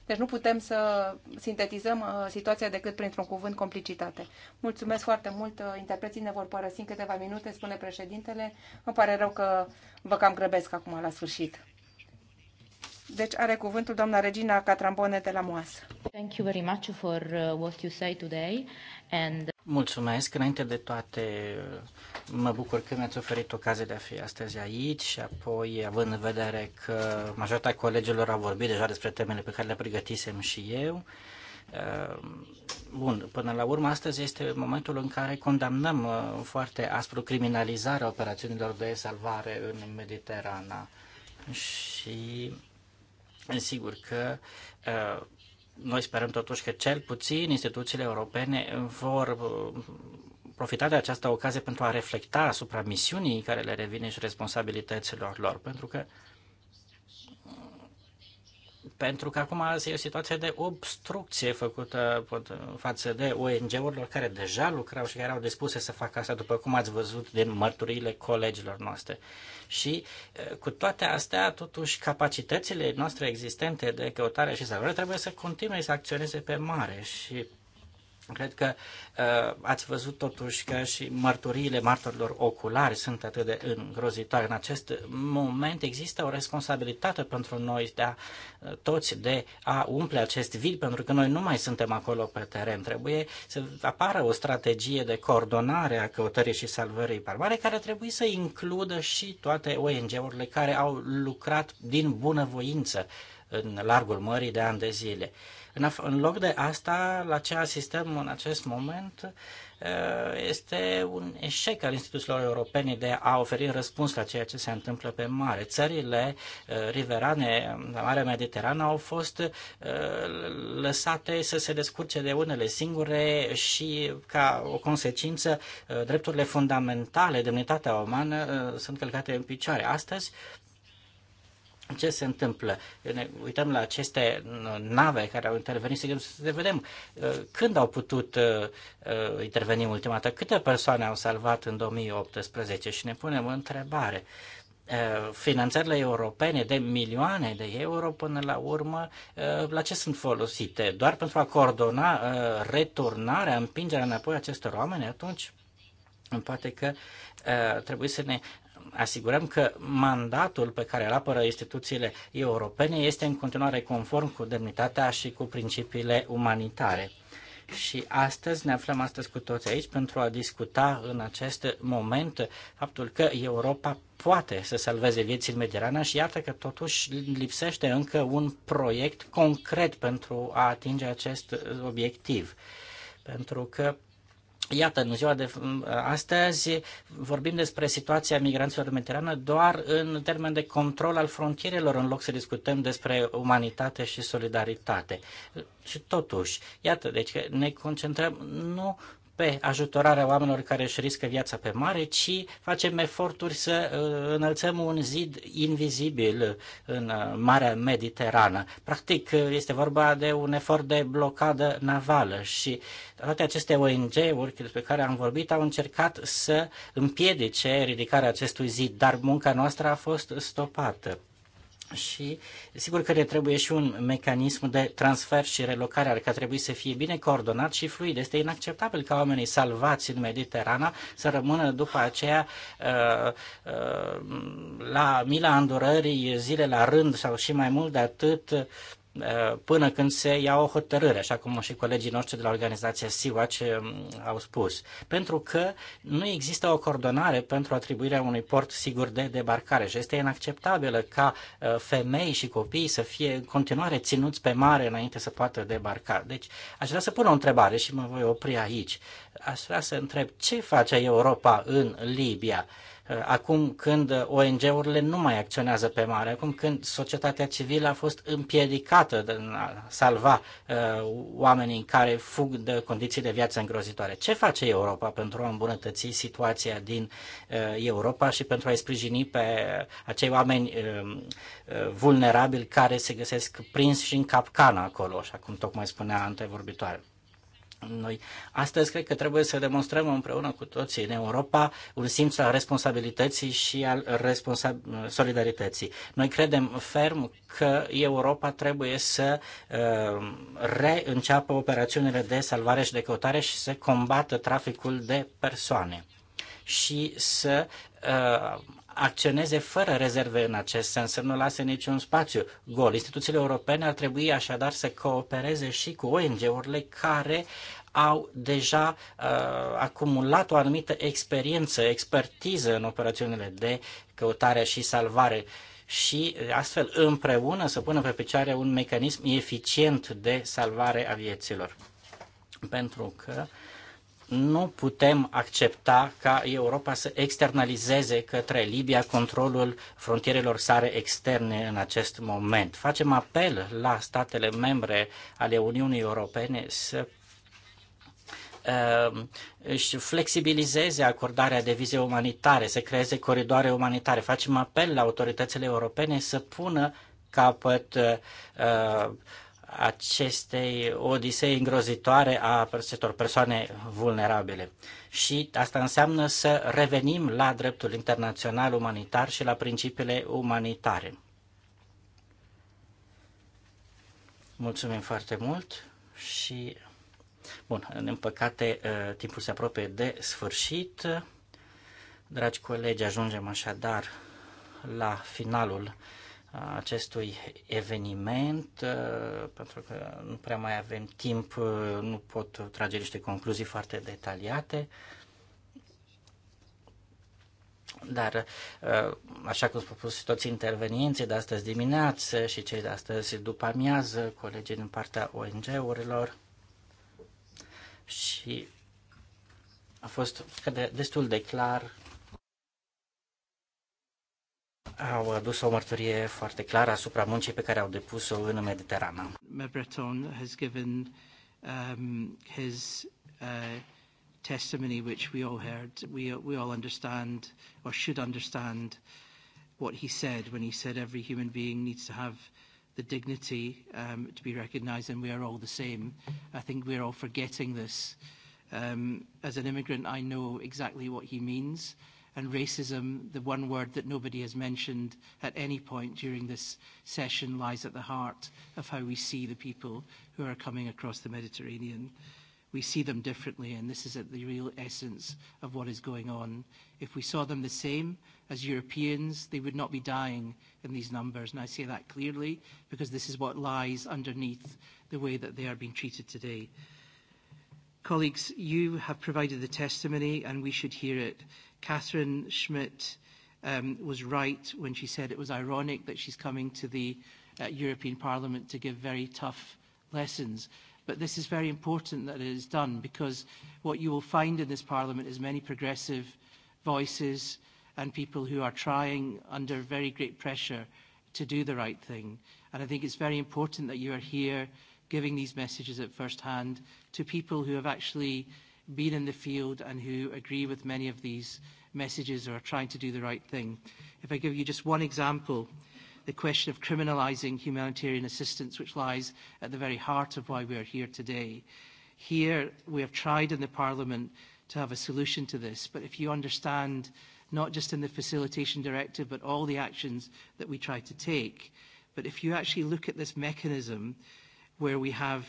[SPEAKER 3] Deci nu putem să sintetizăm uh, situația decât printr-un cuvânt complicitate. Mulțumesc foarte mult. Uh, interpreții ne vor părăsi în câteva minute, spune președintele. Îmi pare rău că vă cam grăbesc acum la sfârșit. Deci are cuvântul doamna Regina Catrambone de la MOAS. Thank you very much for uh, what you say today
[SPEAKER 1] and uh, Mulțumesc. Înainte de toate, mă bucur că mi-ați oferit ocazia de a fi astăzi aici și apoi, având în vedere că majoritatea colegilor au vorbit deja despre temele pe care le pregătisem și eu, uh, Bun, până la urmă, astăzi este momentul în care condamnăm foarte aspru criminalizarea operațiunilor de salvare în Mediterana. Și Sigur că ă, noi sperăm totuși că cel puțin instituțiile europene vor ă, profita de această ocazie pentru a reflecta asupra misiunii care le revine și responsabilităților lor, pentru că pentru că acum e o situație de obstrucție făcută față de ONG-urilor care deja lucrau și care au dispuse să facă asta, după cum ați văzut din mărturile colegilor noastre. Și cu toate astea, totuși, capacitățile noastre existente de căutare și salvare trebuie să continue să acționeze pe mare și Cred că uh, ați văzut totuși că și mărturiile martorilor oculari sunt atât de îngrozitoare. În acest moment există o responsabilitate pentru noi de a, uh, toți de a umple acest vid, pentru că noi nu mai suntem acolo pe teren. Trebuie să apară o strategie de coordonare a căutării și salvării barbare care trebuie să includă și toate ONG-urile care au lucrat din bunăvoință în largul mării de ani de zile. Uh, în, în loc de asta, la ce asistăm în acest moment eh, este un eșec al instituțiilor europene de a oferi răspuns la ceea ce se întâmplă pe mare. Țările eh, riverane, la Marea Mediterană, au fost eh, lăsate să se descurce de unele singure și, ca o consecință, drepturile fundamentale, demnitatea umană, sunt călcate în picioare. Astăzi, ce se întâmplă? Ne uităm la aceste nave care au intervenit să vedem uh, când au putut uh, uh, interveni ultima dată, câte persoane au salvat în 2018 și ne punem o întrebare. Finanțările europene de milioane de euro până la urmă, la ce sunt folosite? Doar pentru a coordona returnarea, împingerea înapoi acestor oameni? Atunci, poate că trebuie să ne asigurăm că mandatul pe care îl apără instituțiile europene este în continuare conform cu demnitatea și cu principiile umanitare. Și astăzi ne aflăm astăzi cu toți aici pentru a discuta în acest moment faptul că Europa poate să salveze vieții în Mediterana și iată că totuși lipsește încă un proiect concret pentru a atinge acest obiectiv. Pentru că Iată, în ziua de astăzi vorbim despre situația migranților mediterană doar în termen de control al frontierelor, în loc să discutăm despre umanitate și solidaritate. Și totuși, iată, deci ne concentrăm nu pe ajutorarea oamenilor care își riscă viața pe mare, ci facem eforturi să uh, înălțăm un zid invizibil în uh, Marea Mediterană. Practic, uh, este vorba de un efort de blocadă navală și toate aceste ONG-uri despre care am vorbit au încercat să împiedice ridicarea acestui zid, dar munca noastră a fost stopată și sigur că trebuie și un mecanism de transfer și relocare care adică trebuie să fie bine coordonat și fluid. Este inacceptabil ca oamenii salvați în Mediterana să rămână după aceea uh, uh, la mila îndurării zile la rând sau și mai mult de atât Uh, până când se ia o hotărâre, așa cum și colegii noștri de la organizația SIWAC um, au spus. Pentru că nu există o coordonare pentru atribuirea unui port sigur de debarcare și este inacceptabilă ca uh, femei și copii să fie în continuare ținuți pe mare înainte să poată debarca. Deci aș vrea să pun o întrebare și mă voi opri aici. Aș vrea să întreb ce face Europa în Libia? Eh, acum când eh, ONG-urile nu mai acționează pe mare, acum când societatea civilă a fost împiedicată de a salva eh, oamenii care fug de condiții de viață îngrozitoare. Ce face Europa pentru a îmbunătăți situația din Europa și pentru a-i sprijini pe acei oameni vulnerabili care se găsesc prins și în capcana acolo, așa cum tocmai spunea antevorbitoare? Noi astăzi cred că trebuie să demonstrăm împreună cu toții în Europa un simț al responsabilității și al responsa- solidarității. Noi credem ferm că Europa trebuie să uh, reînceapă operațiunile de salvare și de căutare și să combată traficul de persoane și să uh, acționeze fără rezerve în acest sens, să nu lase niciun spațiu gol. Instituțiile europene ar trebui așadar să coopereze și cu ONG-urile care au deja uh, acumulat o anumită experiență, expertiză în operațiunile de căutare și salvare și uh, astfel împreună să pună pe picioare un mecanism eficient de salvare a vieților. Pentru că uh, nu putem accepta ca Europa să externalizeze către Libia controlul frontierelor sale externe în acest moment. Facem apel la statele membre ale Uniunii Europene să uh, își flexibilizeze acordarea de vize umanitare, să creeze coridoare umanitare. Facem apel la autoritățile europene să pună capăt uh, acestei odisei îngrozitoare a acestor persoane vulnerabile. Și asta înseamnă să revenim la dreptul internațional umanitar și la principiile umanitare. Mulțumim foarte mult și, bun, în păcate, uh, timpul se apropie de sfârșit. Dragi colegi, ajungem așadar la finalul acestui eveniment, pentru că nu prea mai avem timp, nu pot trage niște concluzii foarte detaliate. Dar, așa cum s-au spus toți intervenienții de astăzi dimineață și cei de astăzi după amiază, colegii din partea ONG-urilor, și a fost destul de clar au adus o mărturie foarte clară asupra muncii pe care au depus-o în Mediterana.
[SPEAKER 4] Mebreton has given um, his uh, testimony which we all heard. We, we all understand or should understand what he said when he said every human being needs to have the dignity um, to be recognized and we are all the same. I think we are all forgetting this. Um, as an immigrant, I know exactly what he means and racism, the one word that nobody has mentioned at any point during this session, lies at the heart of how we see the people who are coming across the Mediterranean. We see them differently, and this is at the real essence of what is going on. If we saw them the same as Europeans, they would not be dying in these numbers. And I say that clearly because this is what lies underneath the way that they are being treated today. Colleagues, you have provided the testimony, and we should hear it. Catherine Schmidt um, was right when she said it was ironic that she's coming to the uh, European Parliament to give very tough lessons. But this is very important that it is done because what you will find in this Parliament is many progressive voices and people who are trying under very great pressure to do the right thing. And I think it's very important that you are here giving these messages at first hand to people who have actually been in the field and who agree with many of these messages or are trying to do the right thing. If I give you just one example, the question of criminalising humanitarian assistance, which lies at the very heart of why we are here today. Here, we have tried in the Parliament to have a solution to this, but if you understand, not just in the Facilitation Directive, but all the actions that we try to take, but if you actually look at this mechanism where we have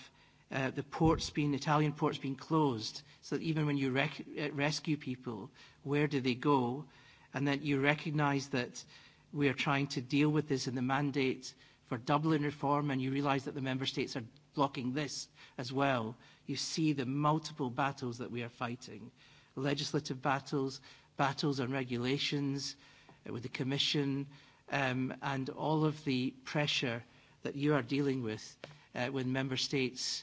[SPEAKER 4] uh, the ports being, Italian ports being closed, so that even when you rec- uh, rescue people, where do they go? And that you recognise that we are trying to deal with this in the mandate for Dublin reform, and you realise that the member states are blocking this as well. You see the multiple battles that we are fighting legislative battles, battles on regulations uh, with the Commission, um, and all of the pressure that you are dealing with uh, when member states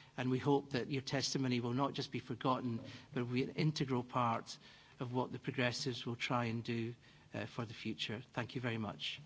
[SPEAKER 4] and we hope that your testimony will not just be forgotten, but will be an integral part of what the Progressives will try and do uh, for the future. Thank you very much.